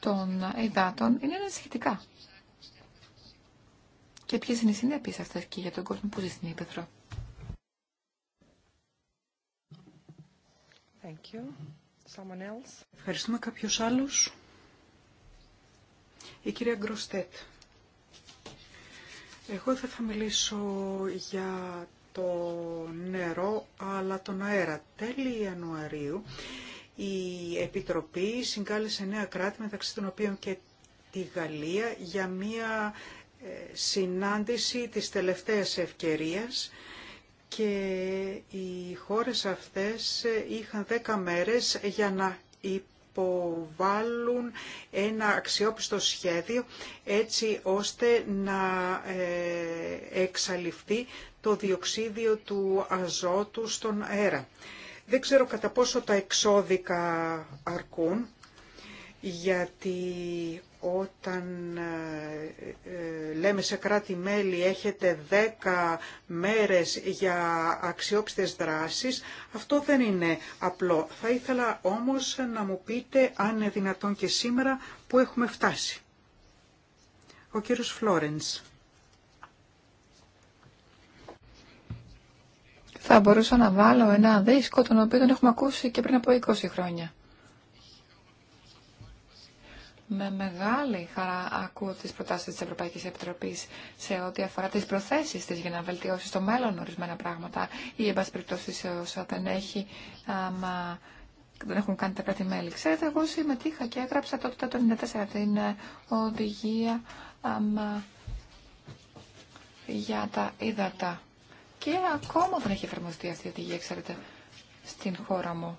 των Υδάτων είναι ανησυχητικά. Και ποιες είναι οι συνέπειες αυτές και για τον κόσμο που ζει στην Ήπεθρο. Ευχαριστούμε κάποιος άλλος. Η κυρία Γκροστέτ. Εγώ θα θα μιλήσω για το νερό αλλά τον αέρα. Τέλη Ιανουαρίου η Επιτροπή συγκάλεσε νέα κράτη μεταξύ των οποίων και τη Γαλλία για μία ε, συνάντηση της τελευταίας ευκαιρίας και οι χώρες αυτές ε, είχαν 10 μέρες για να υποβάλουν ένα αξιόπιστο σχέδιο έτσι ώστε να ε, εξαλειφθεί το διοξίδιο του αζότου στον αέρα. Δεν ξέρω κατά πόσο τα εξώδικα αρκούν, γιατί όταν ε, ε, λέμε σε κράτη-μέλη έχετε 10 μέρες για αξιόπιστες δράσεις, αυτό δεν είναι απλό. Θα ήθελα όμως να μου πείτε αν είναι δυνατόν και σήμερα που έχουμε φτάσει. Ο κύριος Φλόρενς. Θα μπορούσα να βάλω ένα δίσκο τον οποίο τον έχουμε ακούσει και πριν από 20 χρόνια. Με μεγάλη χαρά ακούω τις προτάσεις της Ευρωπαϊκής Επιτροπής σε ό,τι αφορά τις προθέσεις της για να βελτιώσει στο μέλλον ορισμένα πράγματα ή εν πάση περιπτώσει σε όσα δεν, έχει, δεν έχουν κάνει τα κράτη-μέλη. Ξέρετε, εγώ συμμετείχα και έγραψα τότε το 1994 την ε, οδηγία άμα, για τα ύδατα. Και ακόμα δεν έχει εφαρμοστεί αυτή η οδηγία, ξέρετε, στην χώρα μου.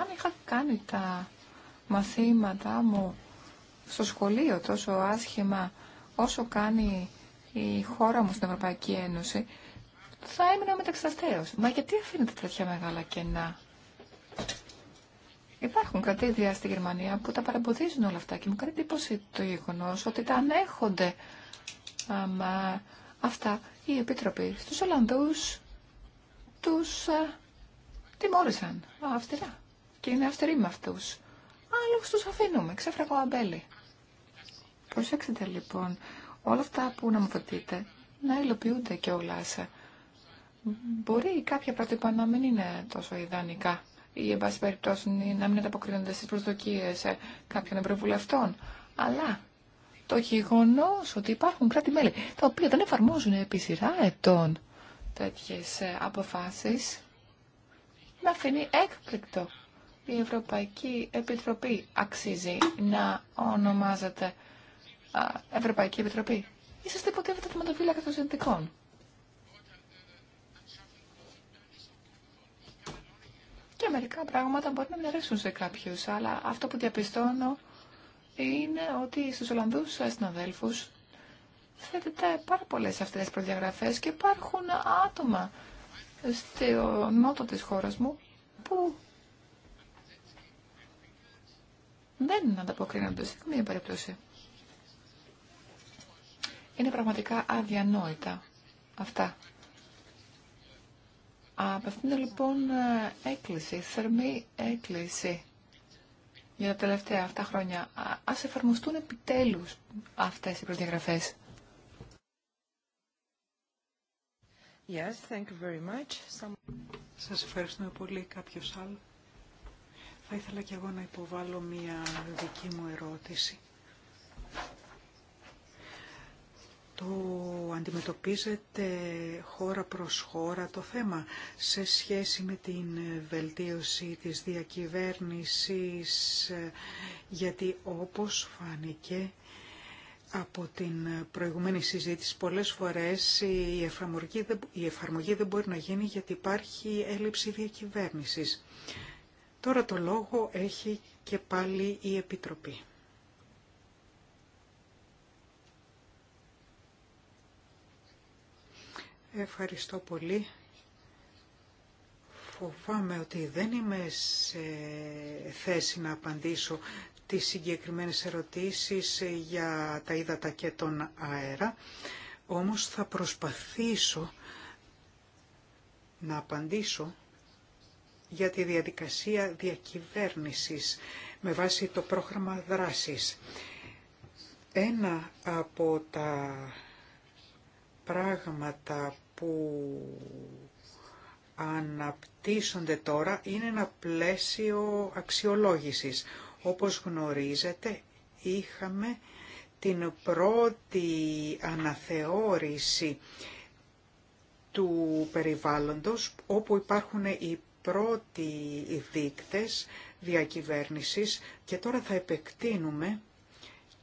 Αν είχα κάνει τα μαθήματά μου στο σχολείο τόσο άσχημα όσο κάνει η χώρα μου στην Ευρωπαϊκή Ένωση, θα έμεινα μεταξαστέως. Μα γιατί αφήνετε τέτοια μεγάλα κενά. Υπάρχουν κρατήδια στη Γερμανία που τα παραμποδίζουν όλα αυτά και μου κάνει εντύπωση το γεγονό ότι τα ανέχονται αμα, αυτά οι επίτροποι στους Ολλανδούς τους α, ε, τιμώρησαν αυστηρά και είναι αυστηροί με αυτού. Άλλο του αφήνουμε, ξέφραγο αμπέλι. Προσέξτε λοιπόν, όλα αυτά που να μου νομοθετείτε να υλοποιούνται κιόλα. Μπορεί κάποια πρότυπα να μην είναι τόσο ιδανικά ή εν πάση περιπτώσει να μην ανταποκρίνονται στι προσδοκίε ε, κάποιων ευρωβουλευτών. Αλλά το γεγονό ότι υπάρχουν κράτη-μέλη τα οποία δεν εφαρμόζουν επί σειρά ετών τέτοιε αποφάσει με αφήνει έκπληκτο η Ευρωπαϊκή Επιτροπή αξίζει να ονομάζεται Ευρωπαϊκή Επιτροπή. Είσαστε υποτίθεται θεματοφύλακα των Συνδικών. Και μερικά πράγματα μπορεί να μην αρέσουν σε κάποιου, αλλά αυτό που διαπιστώνω είναι ότι στου Ολλανδού συναδέλφου θέτεται πάρα πολλέ αυτέ τι προδιαγραφέ και υπάρχουν άτομα στο νότο τη χώρα μου που δεν ανταποκρίνονται σε καμία περίπτωση. Είναι πραγματικά αδιανόητα αυτά. Απευθύνω λοιπόν έκκληση, θερμή έκκληση για τα τελευταία αυτά χρόνια. Ας εφαρμοστούν επιτέλους αυτές οι προδιαγραφές. Yes, thank you very much. Σας ευχαριστούμε πολύ. Κάποιος άλλος. Θα ήθελα και εγώ να υποβάλω μία δική μου ερώτηση. Το αντιμετωπίζετε χώρα προς χώρα το θέμα σε σχέση με την βελτίωση της διακυβέρνησης, γιατί όπως φάνηκε από την προηγουμένη συζήτηση πολλές φορές η εφαρμογή, η εφαρμογή δεν μπορεί να γίνει γιατί υπάρχει έλλειψη διακυβέρνησης. Τώρα το λόγο έχει και πάλι η Επιτροπή. Ευχαριστώ πολύ. Φοβάμαι ότι δεν είμαι σε θέση να απαντήσω τις συγκεκριμένες ερωτήσεις για τα ύδατα και τον αέρα, όμως θα προσπαθήσω να απαντήσω για τη διαδικασία διακυβέρνησης με βάση το πρόγραμμα δράσης. Ένα από τα πράγματα που αναπτύσσονται τώρα είναι ένα πλαίσιο αξιολόγησης. Όπως γνωρίζετε, είχαμε την πρώτη αναθεώρηση του περιβάλλοντος όπου υπάρχουν οι πρώτοι δείκτες διακυβέρνησης και τώρα θα επεκτείνουμε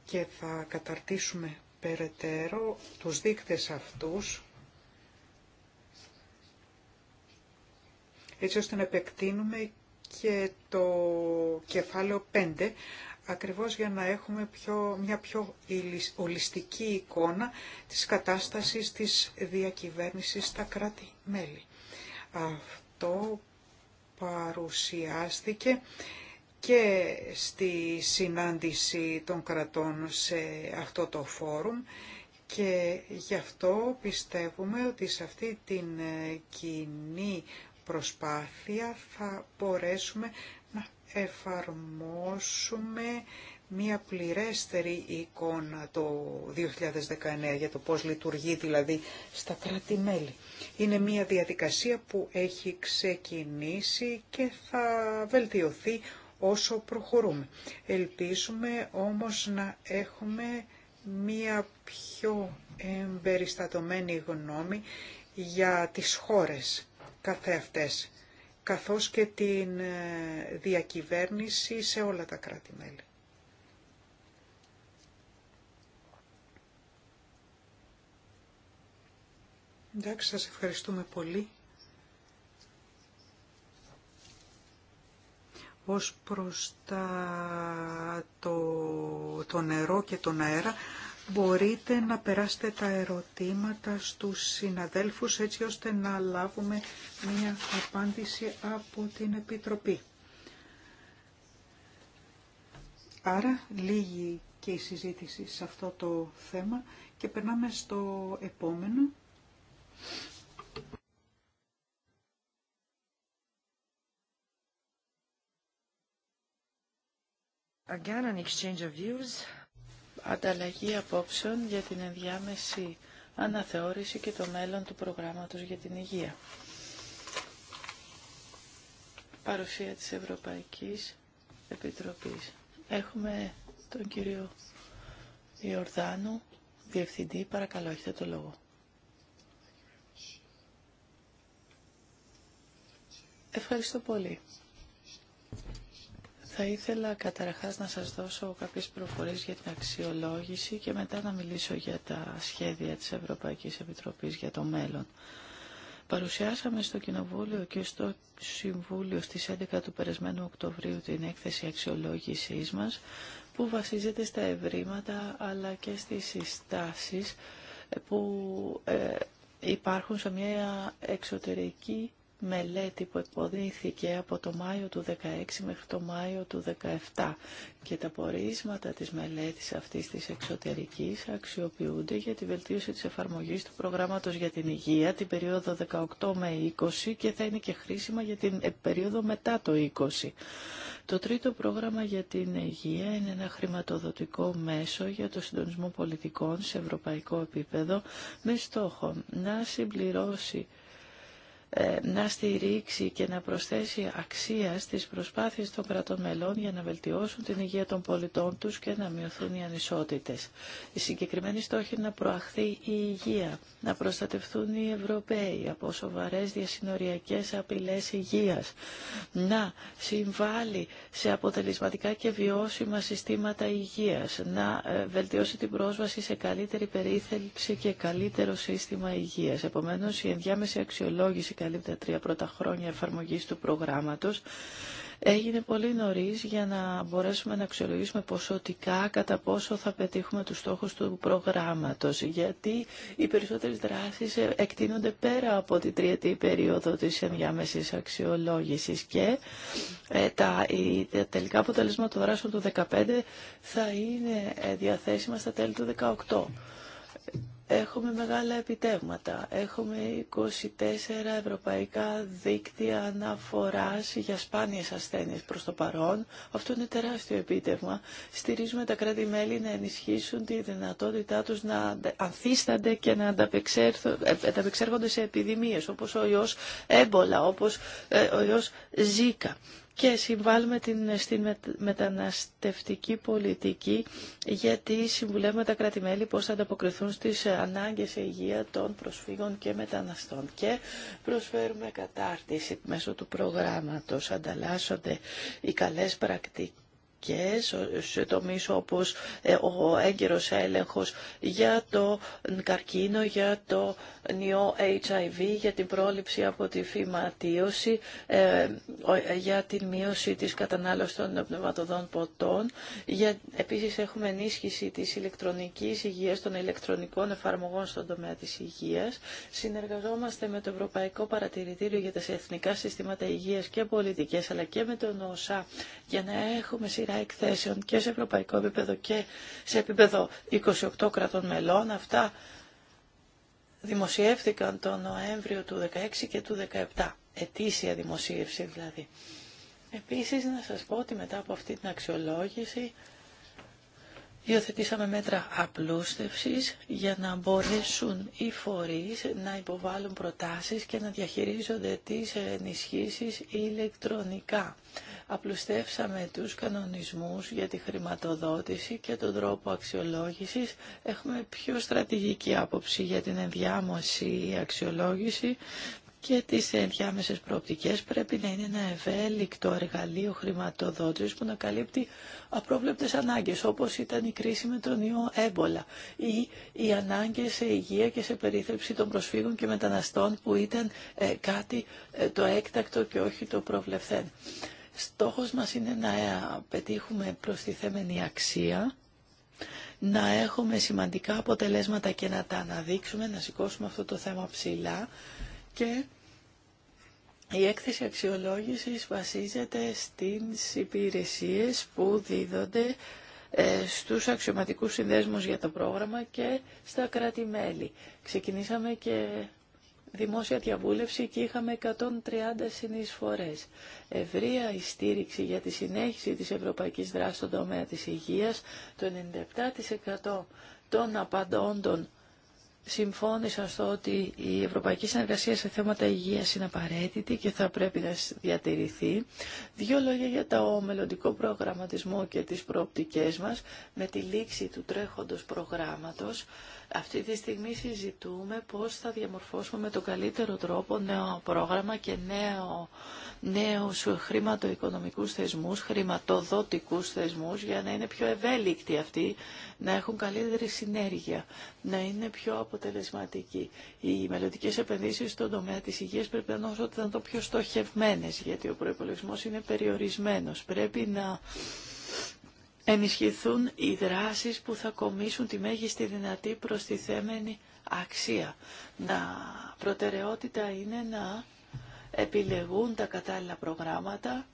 και θα καταρτήσουμε περαιτέρω τους δείκτες αυτούς έτσι ώστε να επεκτείνουμε και το κεφάλαιο 5 ακριβώς για να έχουμε πιο, μια πιο ολιστική εικόνα της κατάστασης της διακυβέρνησης στα κράτη-μέλη. Αυτό παρουσιάστηκε και στη συνάντηση των κρατών σε αυτό το φόρουμ και γι' αυτό πιστεύουμε ότι σε αυτή την ε, κοινή προσπάθεια θα μπορέσουμε να εφαρμόσουμε μία πληρέστερη εικόνα το 2019 για το πώς λειτουργεί δηλαδή στα κράτη-μέλη. Είναι μία διαδικασία που έχει ξεκινήσει και θα βελτιωθεί όσο προχωρούμε. Ελπίζουμε όμως να έχουμε μία πιο εμπεριστατωμένη γνώμη για τις χώρες καθεαυτές, καθώς και την ε, διακυβέρνηση σε όλα τα κράτη-μέλη. Εντάξει, σας ευχαριστούμε πολύ. Ως προς τα... το... το νερό και τον αέρα, μπορείτε να περάσετε τα ερωτήματα στους συναδέλφους έτσι ώστε να λάβουμε μια απάντηση από την Επιτροπή. Άρα λίγη και η συζήτηση σε αυτό το θέμα και περνάμε στο επόμενο Again, an exchange of views. Ανταλλαγή απόψεων για την ενδιάμεση αναθεώρηση και το μέλλον του προγράμματος για την υγεία. Παρουσία της Ευρωπαϊκής Επιτροπής. Έχουμε τον κύριο Ιορδάνου, Διευθυντή. Παρακαλώ, έχετε το λόγο. Ευχαριστώ πολύ. Θα ήθελα καταρχάς να σας δώσω κάποιες προφορές για την αξιολόγηση και μετά να μιλήσω για τα σχέδια της Ευρωπαϊκής Επιτροπής για το μέλλον. Παρουσιάσαμε στο Κοινοβούλιο και στο Συμβούλιο στις 11 του περασμένου Οκτωβρίου την έκθεση αξιολόγησής μας που βασίζεται στα ευρήματα αλλά και στις συστάσεις που ε, υπάρχουν σε μια εξωτερική μελέτη που εκποδήθηκε από το Μάιο του 16 μέχρι το Μάιο του 17 και τα πορίσματα της μελέτης αυτής της εξωτερικής αξιοποιούνται για τη βελτίωση της εφαρμογής του προγράμματος για την υγεία την περίοδο 18 με 20 και θα είναι και χρήσιμα για την ε, περίοδο μετά το 20. Το τρίτο πρόγραμμα για την υγεία είναι ένα χρηματοδοτικό μέσο για το συντονισμό πολιτικών σε ευρωπαϊκό επίπεδο με στόχο να συμπληρώσει ε, να στηρίξει και να προσθέσει αξία στις προσπάθειες των κρατών μελών για να βελτιώσουν την υγεία των πολιτών τους και να μειωθούν οι ανισότητες. Η συγκεκριμένη στόχη είναι να προαχθεί η υγεία, να προστατευτούν οι Ευρωπαίοι από σοβαρές διασυνοριακές απειλές υγείας, να συμβάλλει σε αποτελεσματικά και βιώσιμα συστήματα υγείας, να ε, βελτιώσει την πρόσβαση σε καλύτερη περίθαλψη και καλύτερο σύστημα υγείας. Επομένως, η ενδιάμεση αξιολόγηση τα τρία πρώτα χρόνια εφαρμογής του προγράμματος. Έγινε πολύ νωρί για να μπορέσουμε να αξιολογήσουμε ποσοτικά κατά πόσο θα πετύχουμε τους στόχους του προγράμματος, γιατί οι περισσότερες δράσεις εκτείνονται πέρα από την τριετή περίοδο της ενδιάμεσης αξιολόγησης και ε, τα, τα τελικά αποτελέσματα των δράσεων του 2015 θα είναι ε, διαθέσιμα στα τέλη του 2018. Έχουμε μεγάλα επιτεύγματα. Έχουμε 24 ευρωπαϊκά δίκτυα αναφοράς για σπάνιες ασθένειες προς το παρόν. Αυτό είναι τεράστιο επίτευγμα. Στηρίζουμε τα κράτη-μέλη να ενισχύσουν τη δυνατότητά τους να ανθίστανται και να ε, ανταπεξέρχονται σε επιδημίες, όπως ο ιός έμπολα, όπως ε, ο ιός ζήκα και συμβάλλουμε την, στην μεταναστευτική πολιτική γιατί συμβουλεύουμε τα κράτη-μέλη πώς θα ανταποκριθούν στις ανάγκες υγεία των προσφύγων και μεταναστών και προσφέρουμε κατάρτιση μέσω του προγράμματος, ανταλλάσσονται οι καλές πρακτικές και σε τομείς όπως ε, ο έγκυρος έλεγχος για το καρκίνο, για το νιό HIV, για την πρόληψη από τη φυματίωση, ε, ε, για την μείωση της κατανάλωσης των πνευματοδών ποτών. Για, επίσης έχουμε ενίσχυση της ηλεκτρονικής υγείας, των ηλεκτρονικών εφαρμογών στον τομέα της υγείας. Συνεργαζόμαστε με το Ευρωπαϊκό Παρατηρητήριο για τα Εθνικά Συστήματα Υγείας και Πολιτικές, αλλά και με τον ΟΣΑ για να έχουμε σειρά εκθέσεων και σε ευρωπαϊκό επίπεδο και σε επίπεδο 28 κρατών μελών. Αυτά δημοσιεύθηκαν τον Νοέμβριο του 16 και του 17. Ετήσια δημοσίευση δηλαδή. Επίσης να σας πω ότι μετά από αυτή την αξιολόγηση Υιοθετήσαμε μέτρα απλούστευσης για να μπορέσουν οι φορείς να υποβάλουν προτάσεις και να διαχειρίζονται τις ενισχύσεις ηλεκτρονικά. Απλουστεύσαμε τους κανονισμούς για τη χρηματοδότηση και τον τρόπο αξιολόγησης. Έχουμε πιο στρατηγική άποψη για την ενδιάμωση αξιολόγηση και τις ενδιάμεσες προοπτικές πρέπει να είναι ένα ευέλικτο εργαλείο χρηματοδότησης που να καλύπτει απρόβλεπτες ανάγκες, όπως ήταν η κρίση με τον ιό έμπολα ή οι ανάγκες σε υγεία και σε περίθεψη των προσφύγων και μεταναστών που ήταν ε, κάτι ε, το έκτακτο και όχι το προβλεφθέν. Στόχος μας είναι να ε, πετύχουμε προστιθέμενη αξία, να έχουμε σημαντικά αποτελέσματα και να τα αναδείξουμε, να σηκώσουμε αυτό το θέμα ψηλά, και η έκθεση αξιολόγησης βασίζεται στις υπηρεσίες που δίδονται ε, στους αξιωματικούς συνδέσμους για το πρόγραμμα και στα κράτη-μέλη. Ξεκινήσαμε και δημόσια διαβούλευση και είχαμε 130 συνεισφορές. Ευρεία η στήριξη για τη συνέχιση της ευρωπαϊκής δράσης στον τομέα της υγείας, το 97% των απαντώντων Συμφώνησα στο ότι η ευρωπαϊκή συνεργασία σε θέματα υγείας είναι απαραίτητη και θα πρέπει να διατηρηθεί. Δύο λόγια για το μελλοντικό προγραμματισμό και τις προοπτικές μας με τη λήξη του τρέχοντος προγράμματος. Αυτή τη στιγμή συζητούμε πώς θα διαμορφώσουμε με τον καλύτερο τρόπο νέο πρόγραμμα και νέο, νέους χρηματοοικονομικούς θεσμούς, χρηματοδοτικούς θεσμούς, για να είναι πιο ευέλικτοι αυτοί, να έχουν καλύτερη συνέργεια, να είναι πιο αποτελεσματικοί. Οι μελλοντικές επενδύσεις στον τομέα της υγείας πρέπει να είναι πιο στοχευμένες, γιατί ο προπολογισμό είναι περιορισμένος. Πρέπει να ενισχυθούν οι δράσεις που θα κομίσουν τη μέγιστη δυνατή προστιθέμενη αξία. Να προτεραιότητα είναι να επιλεγούν τα κατάλληλα προγράμματα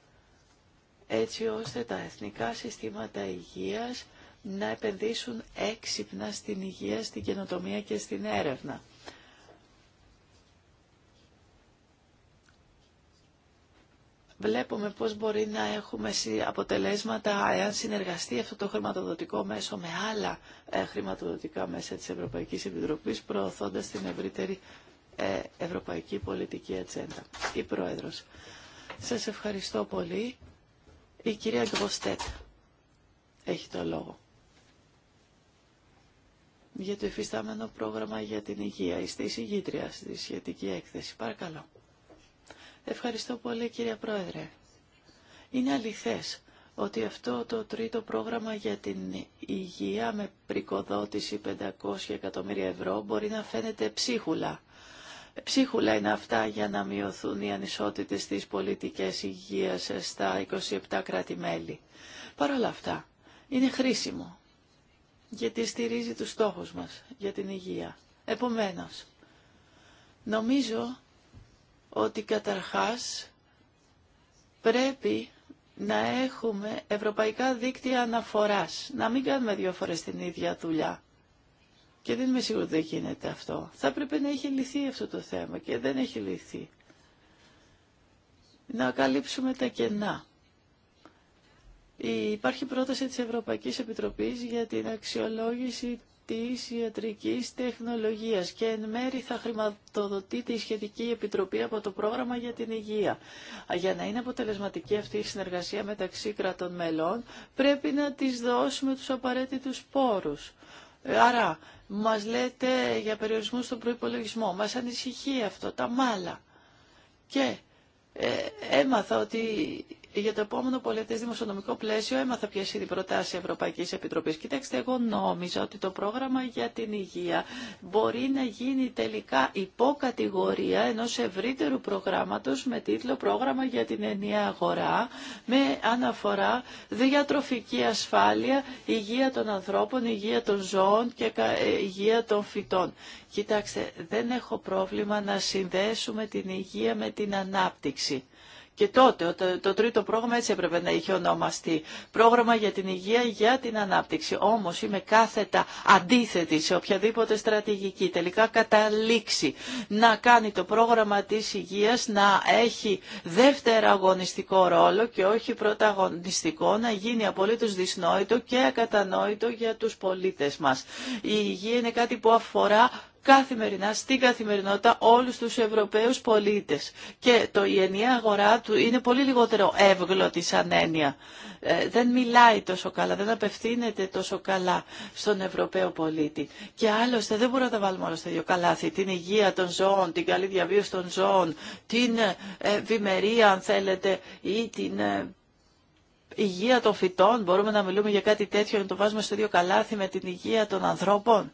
έτσι ώστε τα εθνικά συστήματα υγείας να επενδύσουν έξυπνα στην υγεία, στην καινοτομία και στην έρευνα. βλέπουμε πώς μπορεί να έχουμε αποτελέσματα εάν συνεργαστεί αυτό το χρηματοδοτικό μέσο με άλλα ε, χρηματοδοτικά μέσα της Ευρωπαϊκής Επιτροπής προωθώντας την ευρύτερη ε, ευρωπαϊκή πολιτική ατζέντα. Η Πρόεδρος. Σας ευχαριστώ πολύ. Η κυρία Γκοστέτ. έχει το λόγο για το υφιστάμενο πρόγραμμα για την υγεία. Είστε εισηγήτρια στη σχετική έκθεση. Παρακαλώ. Ευχαριστώ πολύ κύριε Πρόεδρε. Είναι αληθές ότι αυτό το τρίτο πρόγραμμα για την υγεία με πρικοδότηση 500 εκατομμύρια ευρώ μπορεί να φαίνεται ψίχουλα. Ψίχουλα είναι αυτά για να μειωθούν οι ανισότητες στις πολιτικές υγείας στα 27 κράτη-μέλη. Παρ' όλα αυτά, είναι χρήσιμο, γιατί στηρίζει τους στόχους μας για την υγεία. Επομένως, νομίζω ότι καταρχάς πρέπει να έχουμε ευρωπαϊκά δίκτυα αναφοράς, να μην κάνουμε δύο φορές την ίδια δουλειά. Και δεν είμαι σίγουρη ότι δεν γίνεται αυτό. Θα έπρεπε να έχει λυθεί αυτό το θέμα και δεν έχει λυθεί. Να καλύψουμε τα κενά. Υπάρχει πρόταση της Ευρωπαϊκής Επιτροπής για την αξιολόγηση της ιατρικής τεχνολογίας και εν μέρη θα χρηματοδοτεί τη σχετική επιτροπή από το πρόγραμμα για την υγεία. Για να είναι αποτελεσματική αυτή η συνεργασία μεταξύ κρατών μελών πρέπει να τις δώσουμε τους απαραίτητους πόρους. Άρα μας λέτε για περιορισμού στον προϋπολογισμό. Μας ανησυχεί αυτό, τα μάλα. Και ε, έμαθα ότι για το επόμενο πολιτές δημοσιονομικό πλαίσιο έμαθα ποιες είναι οι προτάσεις Ευρωπαϊκής Επιτροπής. Κοιτάξτε, εγώ νόμιζα ότι το πρόγραμμα για την υγεία μπορεί να γίνει τελικά υποκατηγορία ενός ευρύτερου προγράμματος με τίτλο «Πρόγραμμα για την ενιαία αγορά» με αναφορά διατροφική ασφάλεια, υγεία των ανθρώπων, υγεία των ζώων και ε, υγεία των φυτών. Κοιτάξτε, δεν έχω πρόβλημα να συνδέσουμε την υγεία με την ανάπτυξη. Και τότε το, το τρίτο πρόγραμμα έτσι έπρεπε να είχε ονομαστεί. Πρόγραμμα για την υγεία, για την ανάπτυξη. Όμως είμαι κάθετα αντίθετη σε οποιαδήποτε στρατηγική. Τελικά καταλήξει να κάνει το πρόγραμμα της υγείας να έχει δεύτερο αγωνιστικό ρόλο και όχι πρωταγωνιστικό, να γίνει απολύτω δυσνόητο και ακατανόητο για τους πολίτε μα. Η υγεία είναι κάτι που αφορά καθημερινά στην καθημερινότητα όλους τους Ευρωπαίους πολίτες. Και το, η ενιαία αγορά του είναι πολύ λιγότερο εύγλωτη σαν έννοια. Ε, δεν μιλάει τόσο καλά, δεν απευθύνεται τόσο καλά στον Ευρωπαίο πολίτη. Και άλλωστε δεν μπορούμε να τα βάλουμε όλα στο ίδιο καλάθι. Την υγεία των ζώων, την καλή διαβίωση των ζώων, την ε, ευημερία αν θέλετε ή την ε, υγεία των φυτών. Μπορούμε να μιλούμε για κάτι τέτοιο να το βάζουμε στο ίδιο καλάθι με την υγεία των ανθρώπων.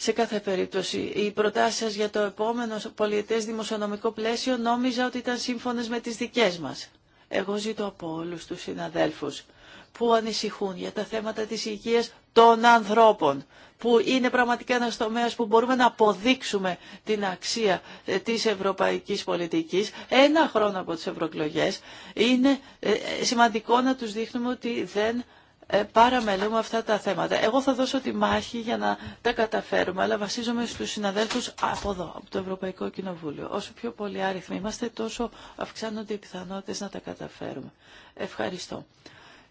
Σε κάθε περίπτωση, οι προτάσει σα για το επόμενο πολιετές δημοσιονομικό πλαίσιο νόμιζα ότι ήταν σύμφωνε με τι δικέ μα. Εγώ ζητώ από όλου του συναδέλφου που ανησυχούν για τα θέματα της υγείας των ανθρώπων, που είναι πραγματικά ένας τομέας που μπορούμε να αποδείξουμε την αξία ε, της ευρωπαϊκής πολιτικής ένα χρόνο από τις ευρωεκλογέ, είναι ε, ε, σημαντικό να τους δείχνουμε ότι δεν ε, παραμελούμε αυτά τα θέματα. Εγώ θα δώσω τη μάχη για να τα καταφέρουμε, αλλά βασίζομαι στους συναδέλφους από εδώ, από το Ευρωπαϊκό Κοινοβούλιο. Όσο πιο πολλοί άριθμοι είμαστε, τόσο αυξάνονται οι πιθανότητες να τα καταφέρουμε. Ευχαριστώ.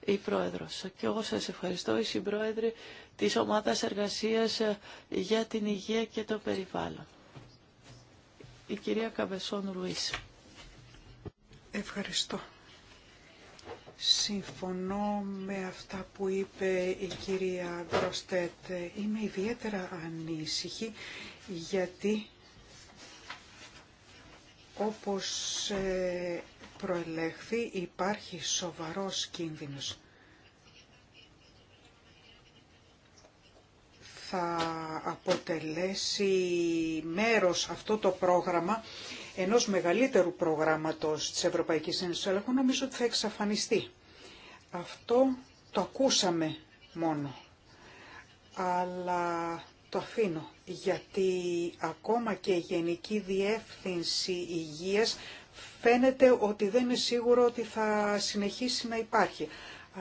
Η Πρόεδρος. Και εγώ σας ευχαριστώ, η Συμπρόεδρη της ομάδα Εργασίας ε, για την Υγεία και το Περιβάλλον. Η κυρία Καβεσόν Ρουίς. Ευχαριστώ. Συμφωνώ με αυτά που είπε η κυρία Γκροστέτ. Είμαι ιδιαίτερα ανήσυχη γιατί όπως ε, προελέχθη υπάρχει σοβαρός κίνδυνος. Θα αποτελέσει μέρος αυτό το πρόγραμμα ενός μεγαλύτερου προγράμματος της Ευρωπαϊκής Ένωσης, νομίζω ότι θα εξαφανιστεί. Αυτό το ακούσαμε μόνο, αλλά το αφήνω, γιατί ακόμα και η Γενική Διεύθυνση Υγείας φαίνεται ότι δεν είναι σίγουρο ότι θα συνεχίσει να υπάρχει.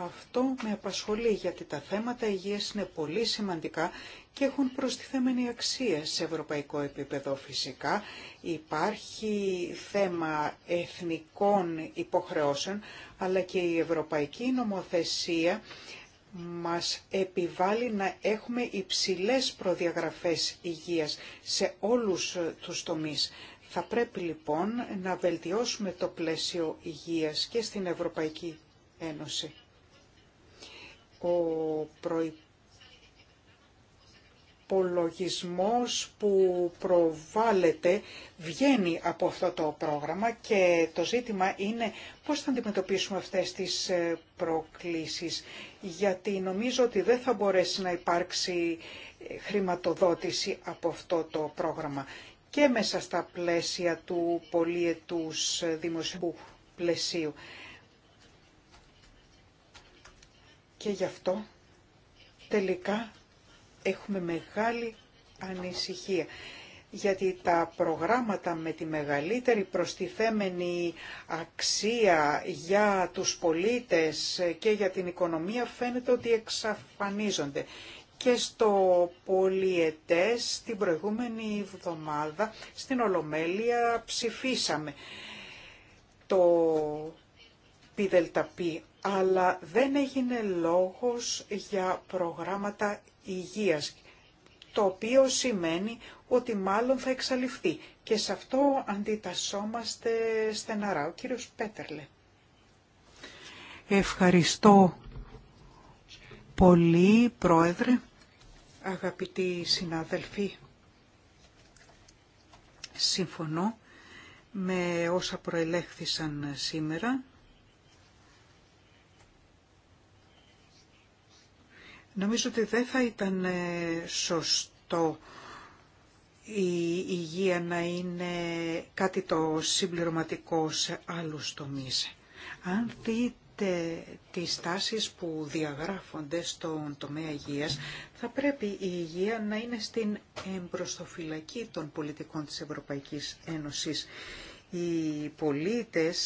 Αυτό με απασχολεί γιατί τα θέματα υγείας είναι πολύ σημαντικά και έχουν προστιθέμενη αξία σε ευρωπαϊκό επίπεδο φυσικά. Υπάρχει θέμα εθνικών υποχρεώσεων, αλλά και η ευρωπαϊκή νομοθεσία μας επιβάλλει να έχουμε υψηλές προδιαγραφές υγείας σε όλους τους τομείς. Θα πρέπει λοιπόν να βελτιώσουμε το πλαίσιο υγείας και στην Ευρωπαϊκή Ένωση. Ο απολογισμός που προβάλλεται βγαίνει από αυτό το πρόγραμμα και το ζήτημα είναι πώς θα αντιμετωπίσουμε αυτές τις ε, προκλήσεις γιατί νομίζω ότι δεν θα μπορέσει να υπάρξει ε, χρηματοδότηση από αυτό το πρόγραμμα και μέσα στα πλαίσια του πολιετούς ε, δημοσίου πλαισίου. Και γι' αυτό τελικά έχουμε μεγάλη ανησυχία γιατί τα προγράμματα με τη μεγαλύτερη προστιθέμενη αξία για τους πολίτες και για την οικονομία φαίνεται ότι εξαφανίζονται. Και στο πολιετές την προηγούμενη εβδομάδα στην Ολομέλεια ψηφίσαμε το πιδελταπί, αλλά δεν έγινε λόγος για προγράμματα υγείας, το οποίο σημαίνει ότι μάλλον θα εξαλειφθεί. Και σε αυτό αντιτασσόμαστε στεναρά. Ο κύριος Πέτερλε. Ευχαριστώ πολύ, Πρόεδρε, αγαπητοί συνάδελφοι. Συμφωνώ με όσα προελέχθησαν σήμερα Νομίζω ότι δεν θα ήταν ε, σωστό η υγεία να είναι κάτι το συμπληρωματικό σε άλλους τομείς. Αν δείτε τις τάσεις που διαγράφονται στον τομέα υγείας, θα πρέπει η υγεία να είναι στην εμπροστοφυλακή των πολιτικών της Ευρωπαϊκής Ένωσης. Οι πολίτες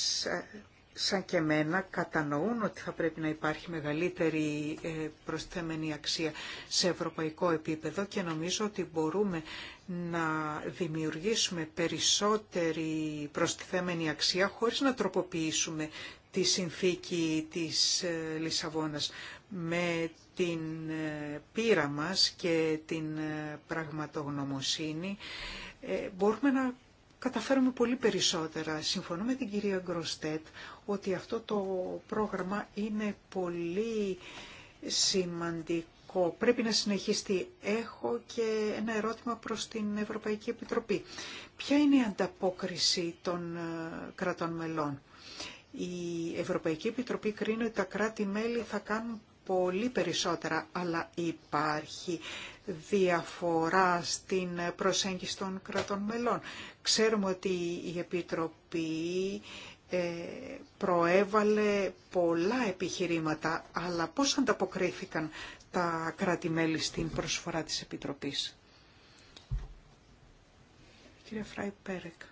σαν και εμένα κατανοούν ότι θα πρέπει να υπάρχει μεγαλύτερη ε, προσθέμενη αξία σε ευρωπαϊκό επίπεδο και νομίζω ότι μπορούμε να δημιουργήσουμε περισσότερη προσθέμενη αξία χωρίς να τροποποιήσουμε τη συνθήκη της ε, Λισαβόνας. Με την ε, πείρα μας και την πραγματογνωμοσύνη μπορούμε να καταφέρουμε πολύ περισσότερα. Συμφωνώ με την κυρία Γκροστέτ ότι αυτό το πρόγραμμα είναι πολύ σημαντικό. Πρέπει να συνεχιστεί. Έχω και ένα ερώτημα προς την Ευρωπαϊκή Επιτροπή. Ποια είναι η ανταπόκριση των ε, κρατών μελών. Η Ευρωπαϊκή Επιτροπή κρίνει ότι τα κράτη-μέλη θα κάνουν πολύ περισσότερα, αλλά υπάρχει διαφορά στην προσέγγιση των κρατών μελών. Ξέρουμε ότι η Επιτροπή ε, προέβαλε πολλά επιχειρήματα, αλλά πώς ανταποκρίθηκαν τα κράτη-μέλη στην προσφορά της Επιτροπής. Κύριε Φράι Πέρεκ.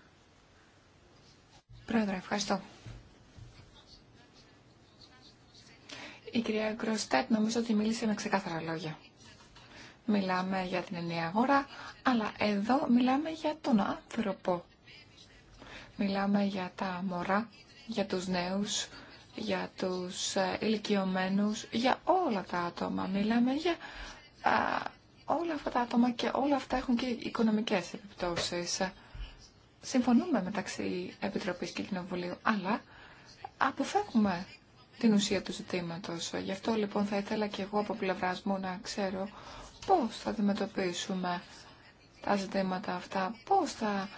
Πρόεδρε, ευχαριστώ. Η κυρία Γκροστέτ νομίζω ότι μίλησε με ξεκάθαρα λόγια μιλάμε για την ενιαία αγορά, αλλά εδώ μιλάμε για τον άνθρωπο. Μιλάμε για τα μωρά, για τους νέους, για τους ε, ηλικιωμένους, για όλα τα άτομα. Μιλάμε για όλα αυτά τα άτομα και όλα αυτά έχουν και οικονομικές επιπτώσεις. Συμφωνούμε μεταξύ Επιτροπής και Κοινοβουλίου, αλλά αποφεύγουμε την ουσία του ζητήματος. Γι' αυτό λοιπόν θα ήθελα και εγώ από πλευρά μου να ξέρω πώς θα αντιμετωπίσουμε τα ζητήματα αυτά, πώς θα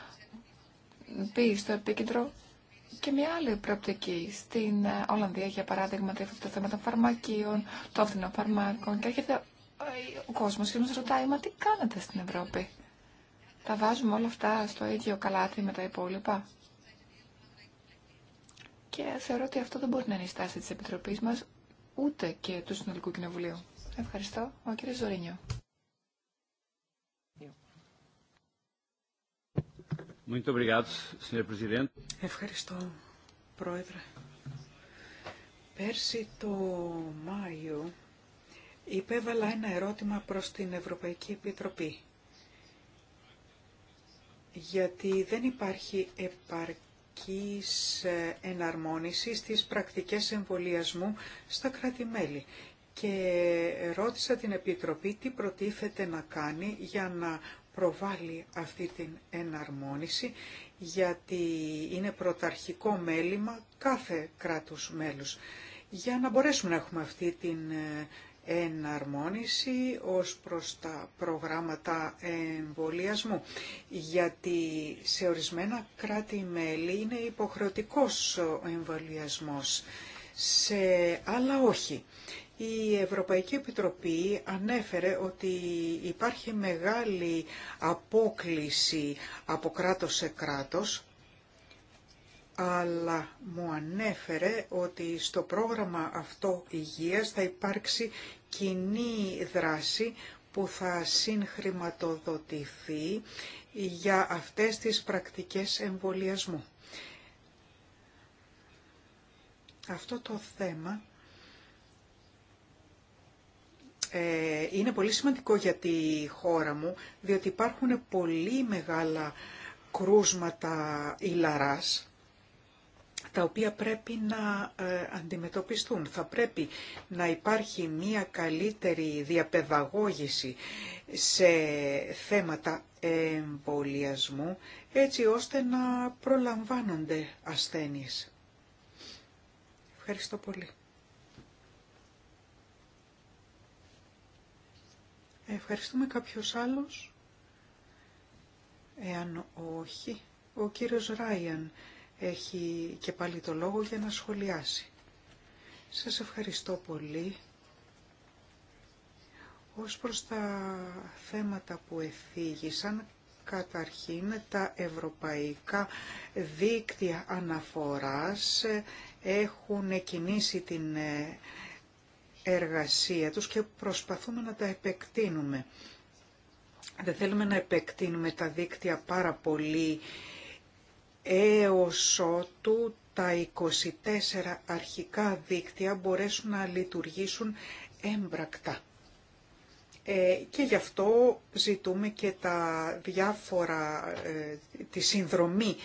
πει στο επίκεντρο και μια άλλη προοπτική. Στην ε, Ολλανδία, για παράδειγμα, το θέμα των φαρμακείων, των φαρμάκων και έρχεται ε, ο κόσμος και μας ρωτάει, μα τι κάνετε στην Ευρώπη. Τα βάζουμε όλα αυτά στο ίδιο καλάθι με τα υπόλοιπα. Και θεωρώ ότι αυτό δεν μπορεί να είναι η στάση της Επιτροπής μας, ούτε και του Συνολικού Κοινοβουλίου. Ευχαριστώ. Ο κ. Ζωρίνιο. Ευχαριστώ, Πρόεδρε. Πέρσι το Μάιο υπέβαλα ένα ερώτημα προς την Ευρωπαϊκή Επιτροπή γιατί δεν υπάρχει επαρκής ε, εναρμόνιση στις πρακτικές εμβολιασμού στα κράτη-μέλη και ρώτησα την Επιτροπή τι προτίθεται να κάνει για να προβάλλει αυτή την εναρμόνιση γιατί είναι πρωταρχικό μέλημα κάθε κράτους μέλους. Για να μπορέσουμε να έχουμε αυτή την ε, εναρμόνιση ως προς τα προγράμματα εμβολιασμού, γιατί σε ορισμένα κράτη-μέλη είναι υποχρεωτικός ο εμβολιασμός, σε άλλα όχι. Η Ευρωπαϊκή Επιτροπή ανέφερε ότι υπάρχει μεγάλη απόκληση από κράτος σε κράτος, αλλά μου ανέφερε ότι στο πρόγραμμα αυτό υγείας θα υπάρξει κοινή δράση που θα συγχρηματοδοτηθεί για αυτές τις πρακτικές εμβολιασμού. Αυτό το θέμα ε, είναι πολύ σημαντικό για τη χώρα μου, διότι υπάρχουν πολύ μεγάλα κρούσματα ηλαράς, τα οποία πρέπει να ε, αντιμετωπιστούν. Θα πρέπει να υπάρχει μία καλύτερη διαπαιδαγώγηση σε θέματα εμβολιασμού, έτσι ώστε να προλαμβάνονται ασθένειες. Ευχαριστώ πολύ. Ευχαριστούμε κάποιος άλλος. Εάν όχι, ο κύριος Ράιαν έχει και πάλι το λόγο για να σχολιάσει. Σας ευχαριστώ πολύ. Ως προς τα θέματα που εφήγησαν, καταρχήν τα ευρωπαϊκά δίκτυα αναφοράς έχουν κινήσει την εργασία τους και προσπαθούμε να τα επεκτείνουμε. Δεν θέλουμε να επεκτείνουμε τα δίκτυα πάρα πολύ έως ότου τα 24 αρχικά δίκτυα μπορέσουν να λειτουργήσουν έμπρακτα. Ε, και γι' αυτό ζητούμε και τα διάφορα, ε, τη συνδρομή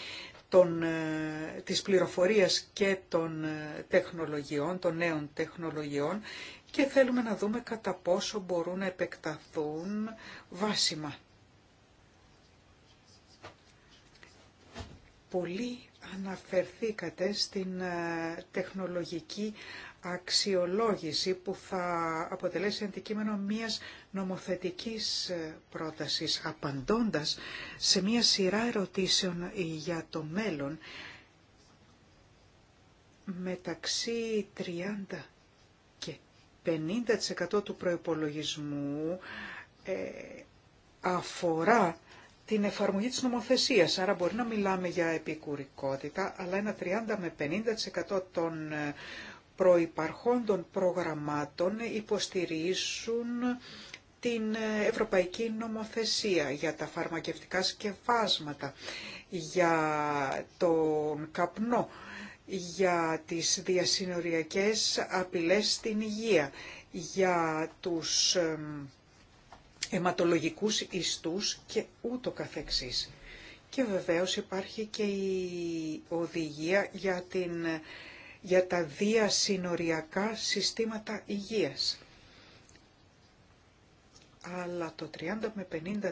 των, ε, της πληροφορίας και των ε, τεχνολογιών, των νέων τεχνολογιών και θέλουμε να δούμε κατά πόσο μπορούν να επεκταθούν βάσιμα. Πολύ αναφερθήκατε στην ε, τεχνολογική αξιολόγηση που θα αποτελέσει αντικείμενο μιας νομοθετικής ε, πρότασης, απαντώντας σε μια σειρά ερωτήσεων για το μέλλον μεταξύ 30 και 50% του προϋπολογισμού ε, αφορά την εφαρμογή της νομοθεσίας. Άρα μπορεί να μιλάμε για επικουρικότητα, αλλά ένα 30 με 50% των ε, προϋπαρχόντων προγραμμάτων υποστηρίζουν την ευρωπαϊκή νομοθεσία για τα φαρμακευτικά σκευάσματα, για τον καπνό, για τις διασυνοριακές απειλές στην υγεία, για τους αιματολογικούς ιστούς και ούτω καθεξής. Και βεβαίως υπάρχει και η οδηγία για την για τα διασυνοριακά συστήματα υγείας. Αλλά το 30 με 50%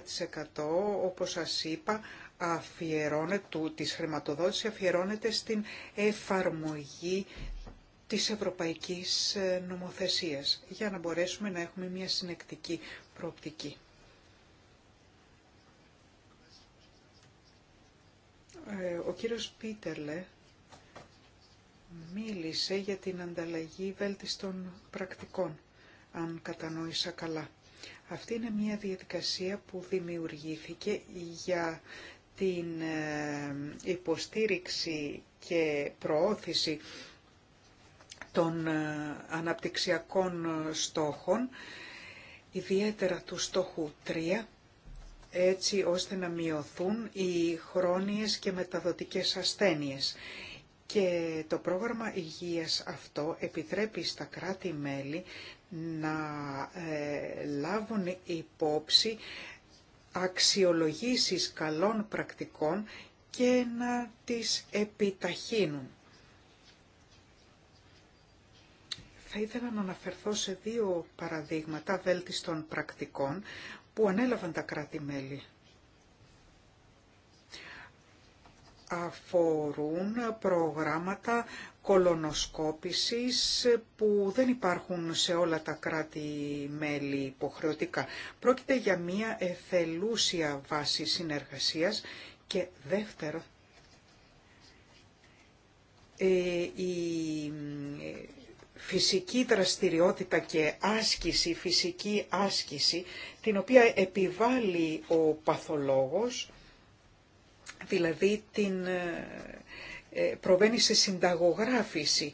όπως σας είπα αφιερώνεται, του, της χρηματοδότησης αφιερώνεται στην εφαρμογή της ευρωπαϊκής ε, νομοθεσίας για να μπορέσουμε να έχουμε μια συνεκτική προοπτική. Ε, ο κύριος Πίτερλε μίλησε για την ανταλλαγή βέλτιστων πρακτικών, αν κατανόησα καλά. Αυτή είναι μια διαδικασία που δημιουργήθηκε για την ε, υποστήριξη και προώθηση των ε, αναπτυξιακών στόχων, ιδιαίτερα του στόχου 3, έτσι ώστε να μειωθούν οι χρόνιες και μεταδοτικές ασθένειες. Και το πρόγραμμα υγείας αυτό επιτρέπει στα κράτη-μέλη να ε, λάβουν υπόψη αξιολογήσεις καλών πρακτικών και να τις επιταχύνουν. Θα ήθελα να αναφερθώ σε δύο παραδείγματα βέλτιστων πρακτικών που ανέλαβαν τα κράτη-μέλη. αφορούν προγράμματα κολονοσκόπησης που δεν υπάρχουν σε όλα τα κράτη-μέλη υποχρεωτικά. Πρόκειται για μία εθελούσια βάση συνεργασίας και δεύτερο, ε, η φυσική δραστηριότητα και άσκηση, φυσική άσκηση, την οποία επιβάλλει ο παθολόγος, δηλαδή την ε, ε, προβαίνει σε συνταγογράφηση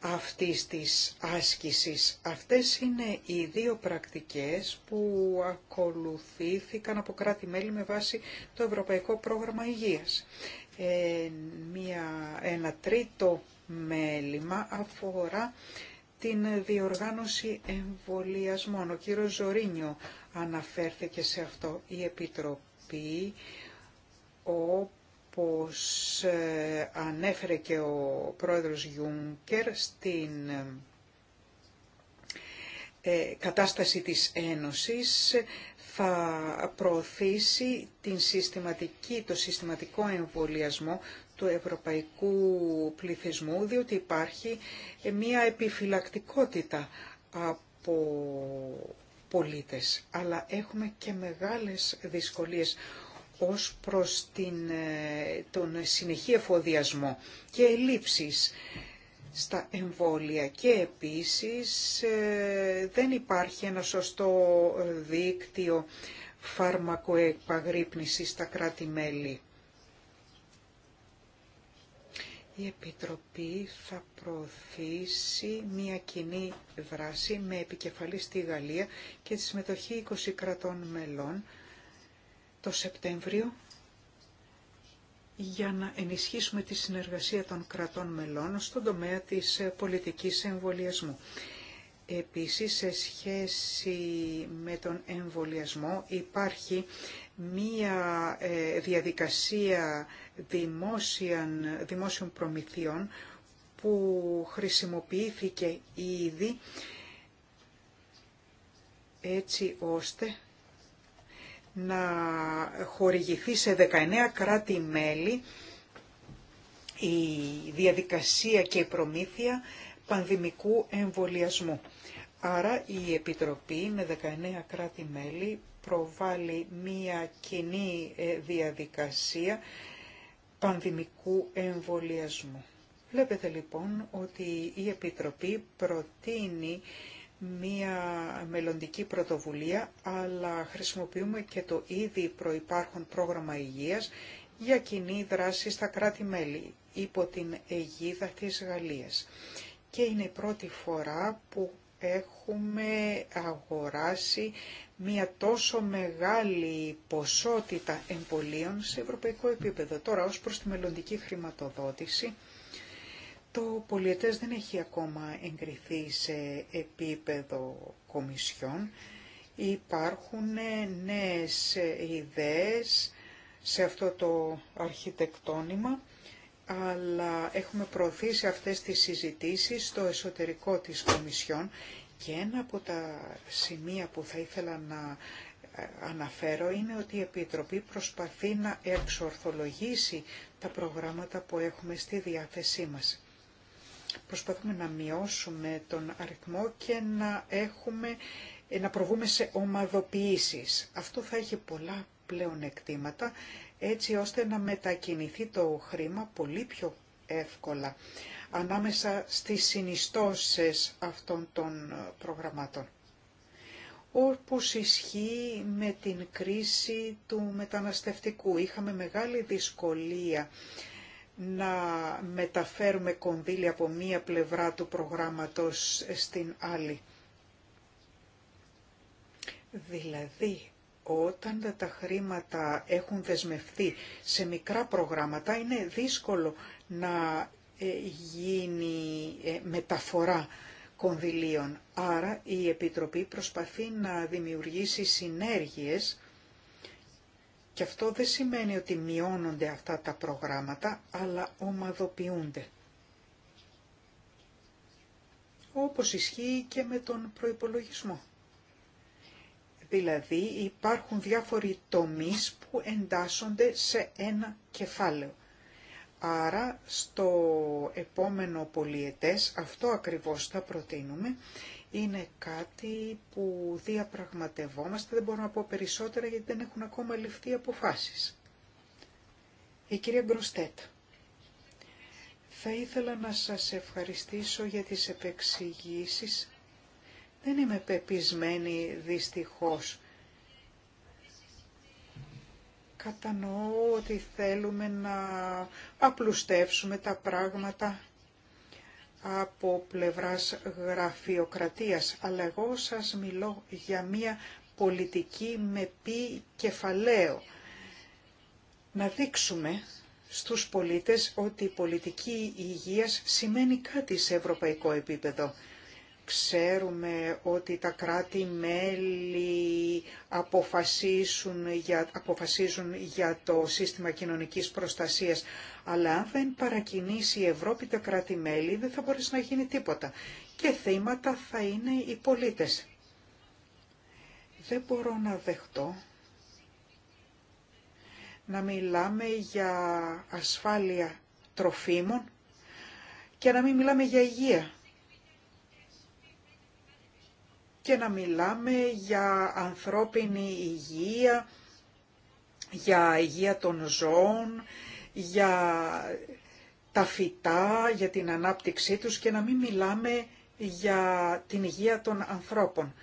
αυτής της άσκησης. Αυτές είναι οι δύο πρακτικές που ακολουθήθηκαν από κράτη-μέλη με βάση το Ευρωπαϊκό Πρόγραμμα Υγείας. Ε, μια, ένα τρίτο μέλημα αφορά την διοργάνωση εμβολιασμών. Ο κύριος Ζωρίνιο αναφέρθηκε σε αυτό. Η Επιτροπή όπως ε, ανέφερε και ο πρόεδρος Γιούνκερ στην ε, κατάσταση της Ένωσης θα προωθήσει την συστηματική, το συστηματικό εμβολιασμό του ευρωπαϊκού πληθυσμού, διότι υπάρχει ε, μια επιφυλακτικότητα από πολίτες. Αλλά έχουμε και μεγάλες δυσκολίες ως προς την, ε, τον συνεχή εφοδιασμό και ελλείψεις στα εμβόλια και επίσης ε, δεν υπάρχει ένα σωστό ε, δίκτυο φαρμακοεπαγρύπνησης στα κράτη-μέλη. Η Επιτροπή θα προωθήσει μια κοινή δράση με επικεφαλή στη Γαλλία και τη συμμετοχή 20 κρατών μελών το Σεπτέμβριο για να ενισχύσουμε τη συνεργασία των κρατών μελών στον τομέα της ε, πολιτικής εμβολιασμού. Επίσης, σε σχέση με τον εμβολιασμό υπάρχει μία ε, διαδικασία δημόσιαν, δημόσιων προμηθειών που χρησιμοποιήθηκε ήδη έτσι ώστε να χορηγηθεί σε 19 κράτη-μέλη η διαδικασία και η προμήθεια πανδημικού εμβολιασμού. Άρα η Επιτροπή με 19 κράτη-μέλη προβάλλει μία κοινή ε, διαδικασία πανδημικού εμβολιασμού. Βλέπετε λοιπόν ότι η Επιτροπή προτείνει μία μελλοντική πρωτοβουλία, αλλά χρησιμοποιούμε και το ήδη προϋπάρχον πρόγραμμα υγείας για κοινή δράση στα κράτη-μέλη υπό την αιγίδα της Γαλλίας. Και είναι η πρώτη φορά που έχουμε αγοράσει μία τόσο μεγάλη ποσότητα εμπολίων σε ευρωπαϊκό επίπεδο. Τώρα, ως προς τη μελλοντική χρηματοδότηση, το πολιετές δεν έχει ακόμα εγκριθεί σε επίπεδο κομισιών. Υπάρχουν νέες ιδέες σε αυτό το αρχιτεκτόνημα, αλλά έχουμε προωθήσει αυτές τις συζητήσεις στο εσωτερικό της Κομισιόν και ένα από τα σημεία που θα ήθελα να ε, αναφέρω είναι ότι η Επιτροπή προσπαθεί να εξορθολογήσει τα προγράμματα που έχουμε στη διάθεσή μας. Προσπαθούμε να μειώσουμε τον αριθμό και να, έχουμε, ε, να προβούμε σε ομαδοποιήσεις. Αυτό θα έχει πολλά πλέον εκτήματα, έτσι ώστε να μετακινηθεί το χρήμα πολύ πιο εύκολα ανάμεσα στις συνιστώσεις αυτών των ε, προγραμμάτων όπως ισχύει με την κρίση του μεταναστευτικού. Είχαμε μεγάλη δυσκολία να μεταφέρουμε κονδύλια από μία πλευρά του προγράμματος στην άλλη. Δηλαδή, όταν τα χρήματα έχουν δεσμευθεί σε μικρά προγράμματα, είναι δύσκολο να ε, γίνει ε, μεταφορά κονδυλίων. Άρα, η Επιτροπή προσπαθεί να δημιουργήσει συνέργειες και αυτό δεν σημαίνει ότι μειώνονται αυτά τα προγράμματα, αλλά ομαδοποιούνται. Όπως ισχύει και με τον προϋπολογισμό. Δηλαδή υπάρχουν διάφοροι τομείς που εντάσσονται σε ένα κεφάλαιο. Άρα στο επόμενο πολιετές αυτό ακριβώς θα προτείνουμε είναι κάτι που διαπραγματευόμαστε, δεν μπορώ να πω περισσότερα γιατί δεν έχουν ακόμα ληφθεί αποφάσεις. Η κυρία Γκροστέτ. Θα ήθελα να σας ευχαριστήσω για τις επεξηγήσεις. Δεν είμαι πεπισμένη δυστυχώς. Κατανοώ ότι θέλουμε να απλουστεύσουμε τα πράγματα από πλευράς γραφειοκρατίας, αλλά εγώ σας μιλώ για μία πολιτική με πι κεφαλαίο. Να δείξουμε στους πολίτες ότι η πολιτική υγείας σημαίνει κάτι σε ευρωπαϊκό επίπεδο. Ξέρουμε ότι τα κράτη-μέλη αποφασίζουν για, αποφασίζουν για το σύστημα κοινωνικής προστασίας, αλλά αν δεν παρακινήσει η Ευρώπη τα κράτη-μέλη δεν θα μπορέσει να γίνει τίποτα και θύματα θα είναι οι πολίτες. Δεν μπορώ να δεχτώ να μιλάμε για ασφάλεια τροφίμων και να μην μιλάμε για υγεία και να μιλάμε για ανθρώπινη υγεία, για υγεία των ζώων, για τα φυτά, για την ανάπτυξή τους και να μην μιλάμε για την υγεία των ανθρώπων.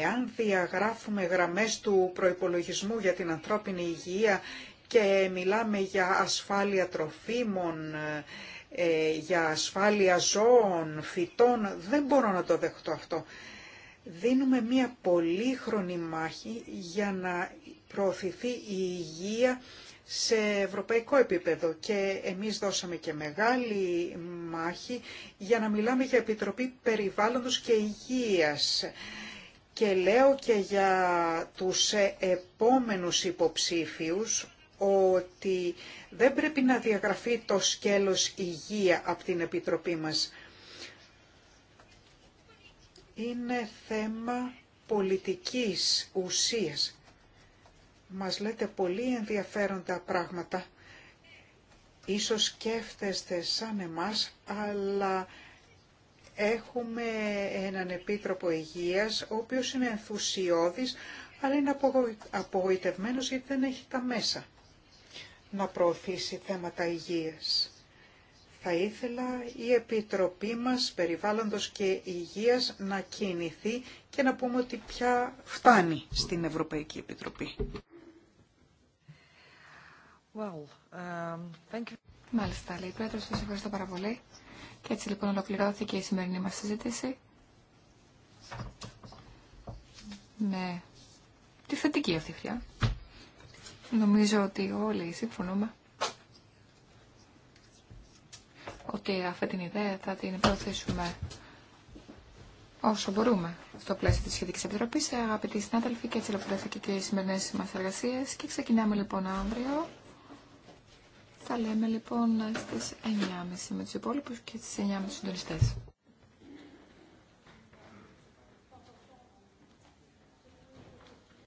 Εάν διαγράφουμε γραμμές του προϋπολογισμού για την ανθρώπινη υγεία και μιλάμε για ασφάλεια τροφίμων, ε, για ασφάλεια ζώων, φυτών, δεν μπορώ να το δεχτώ αυτό. Δίνουμε μία πολύχρονη μάχη για να προωθηθεί η υγεία σε ευρωπαϊκό επίπεδο και εμείς δώσαμε και μεγάλη μάχη για να μιλάμε για Επιτροπή Περιβάλλοντος και Υγείας. Και λέω και για τους επόμενους υποψήφιους ότι δεν πρέπει να διαγραφεί το σκέλος υγεία από την Επιτροπή μας. Είναι θέμα πολιτικής ουσίας. Μας λέτε πολύ ενδιαφέροντα πράγματα. Ίσως σκέφτεστε σαν εμάς, αλλά έχουμε έναν Επίτροπο Υγείας, ο οποίος είναι ενθουσιώδης, αλλά είναι απογοητευμένος γιατί δεν έχει τα μέσα να προωθήσει θέματα υγείας. Θα ήθελα η Επιτροπή μας Περιβάλλοντος και Υγείας να κινηθεί και να πούμε ότι πια φτάνει στην Ευρωπαϊκή Επιτροπή. Well, um, thank you. Μάλιστα, λέει Πέτρο, σας ευχαριστώ πάρα πολύ. Και έτσι λοιπόν ολοκληρώθηκε η σημερινή μας συζήτηση. Με τη θετική αυτή Νομίζω ότι όλοι συμφωνούμε ότι αυτή την ιδέα θα την προωθήσουμε όσο μπορούμε στο πλαίσιο της Σχετικής Επιτροπής. Αγαπητοί συνάδελφοι, και έτσι ολοκληρώθηκε και οι σημερινές μας εργασίες και ξεκινάμε λοιπόν αύριο. Θα λέμε λοιπόν στις 9.30 με τους υπόλοιπους και στις 9 με τους συντονιστές.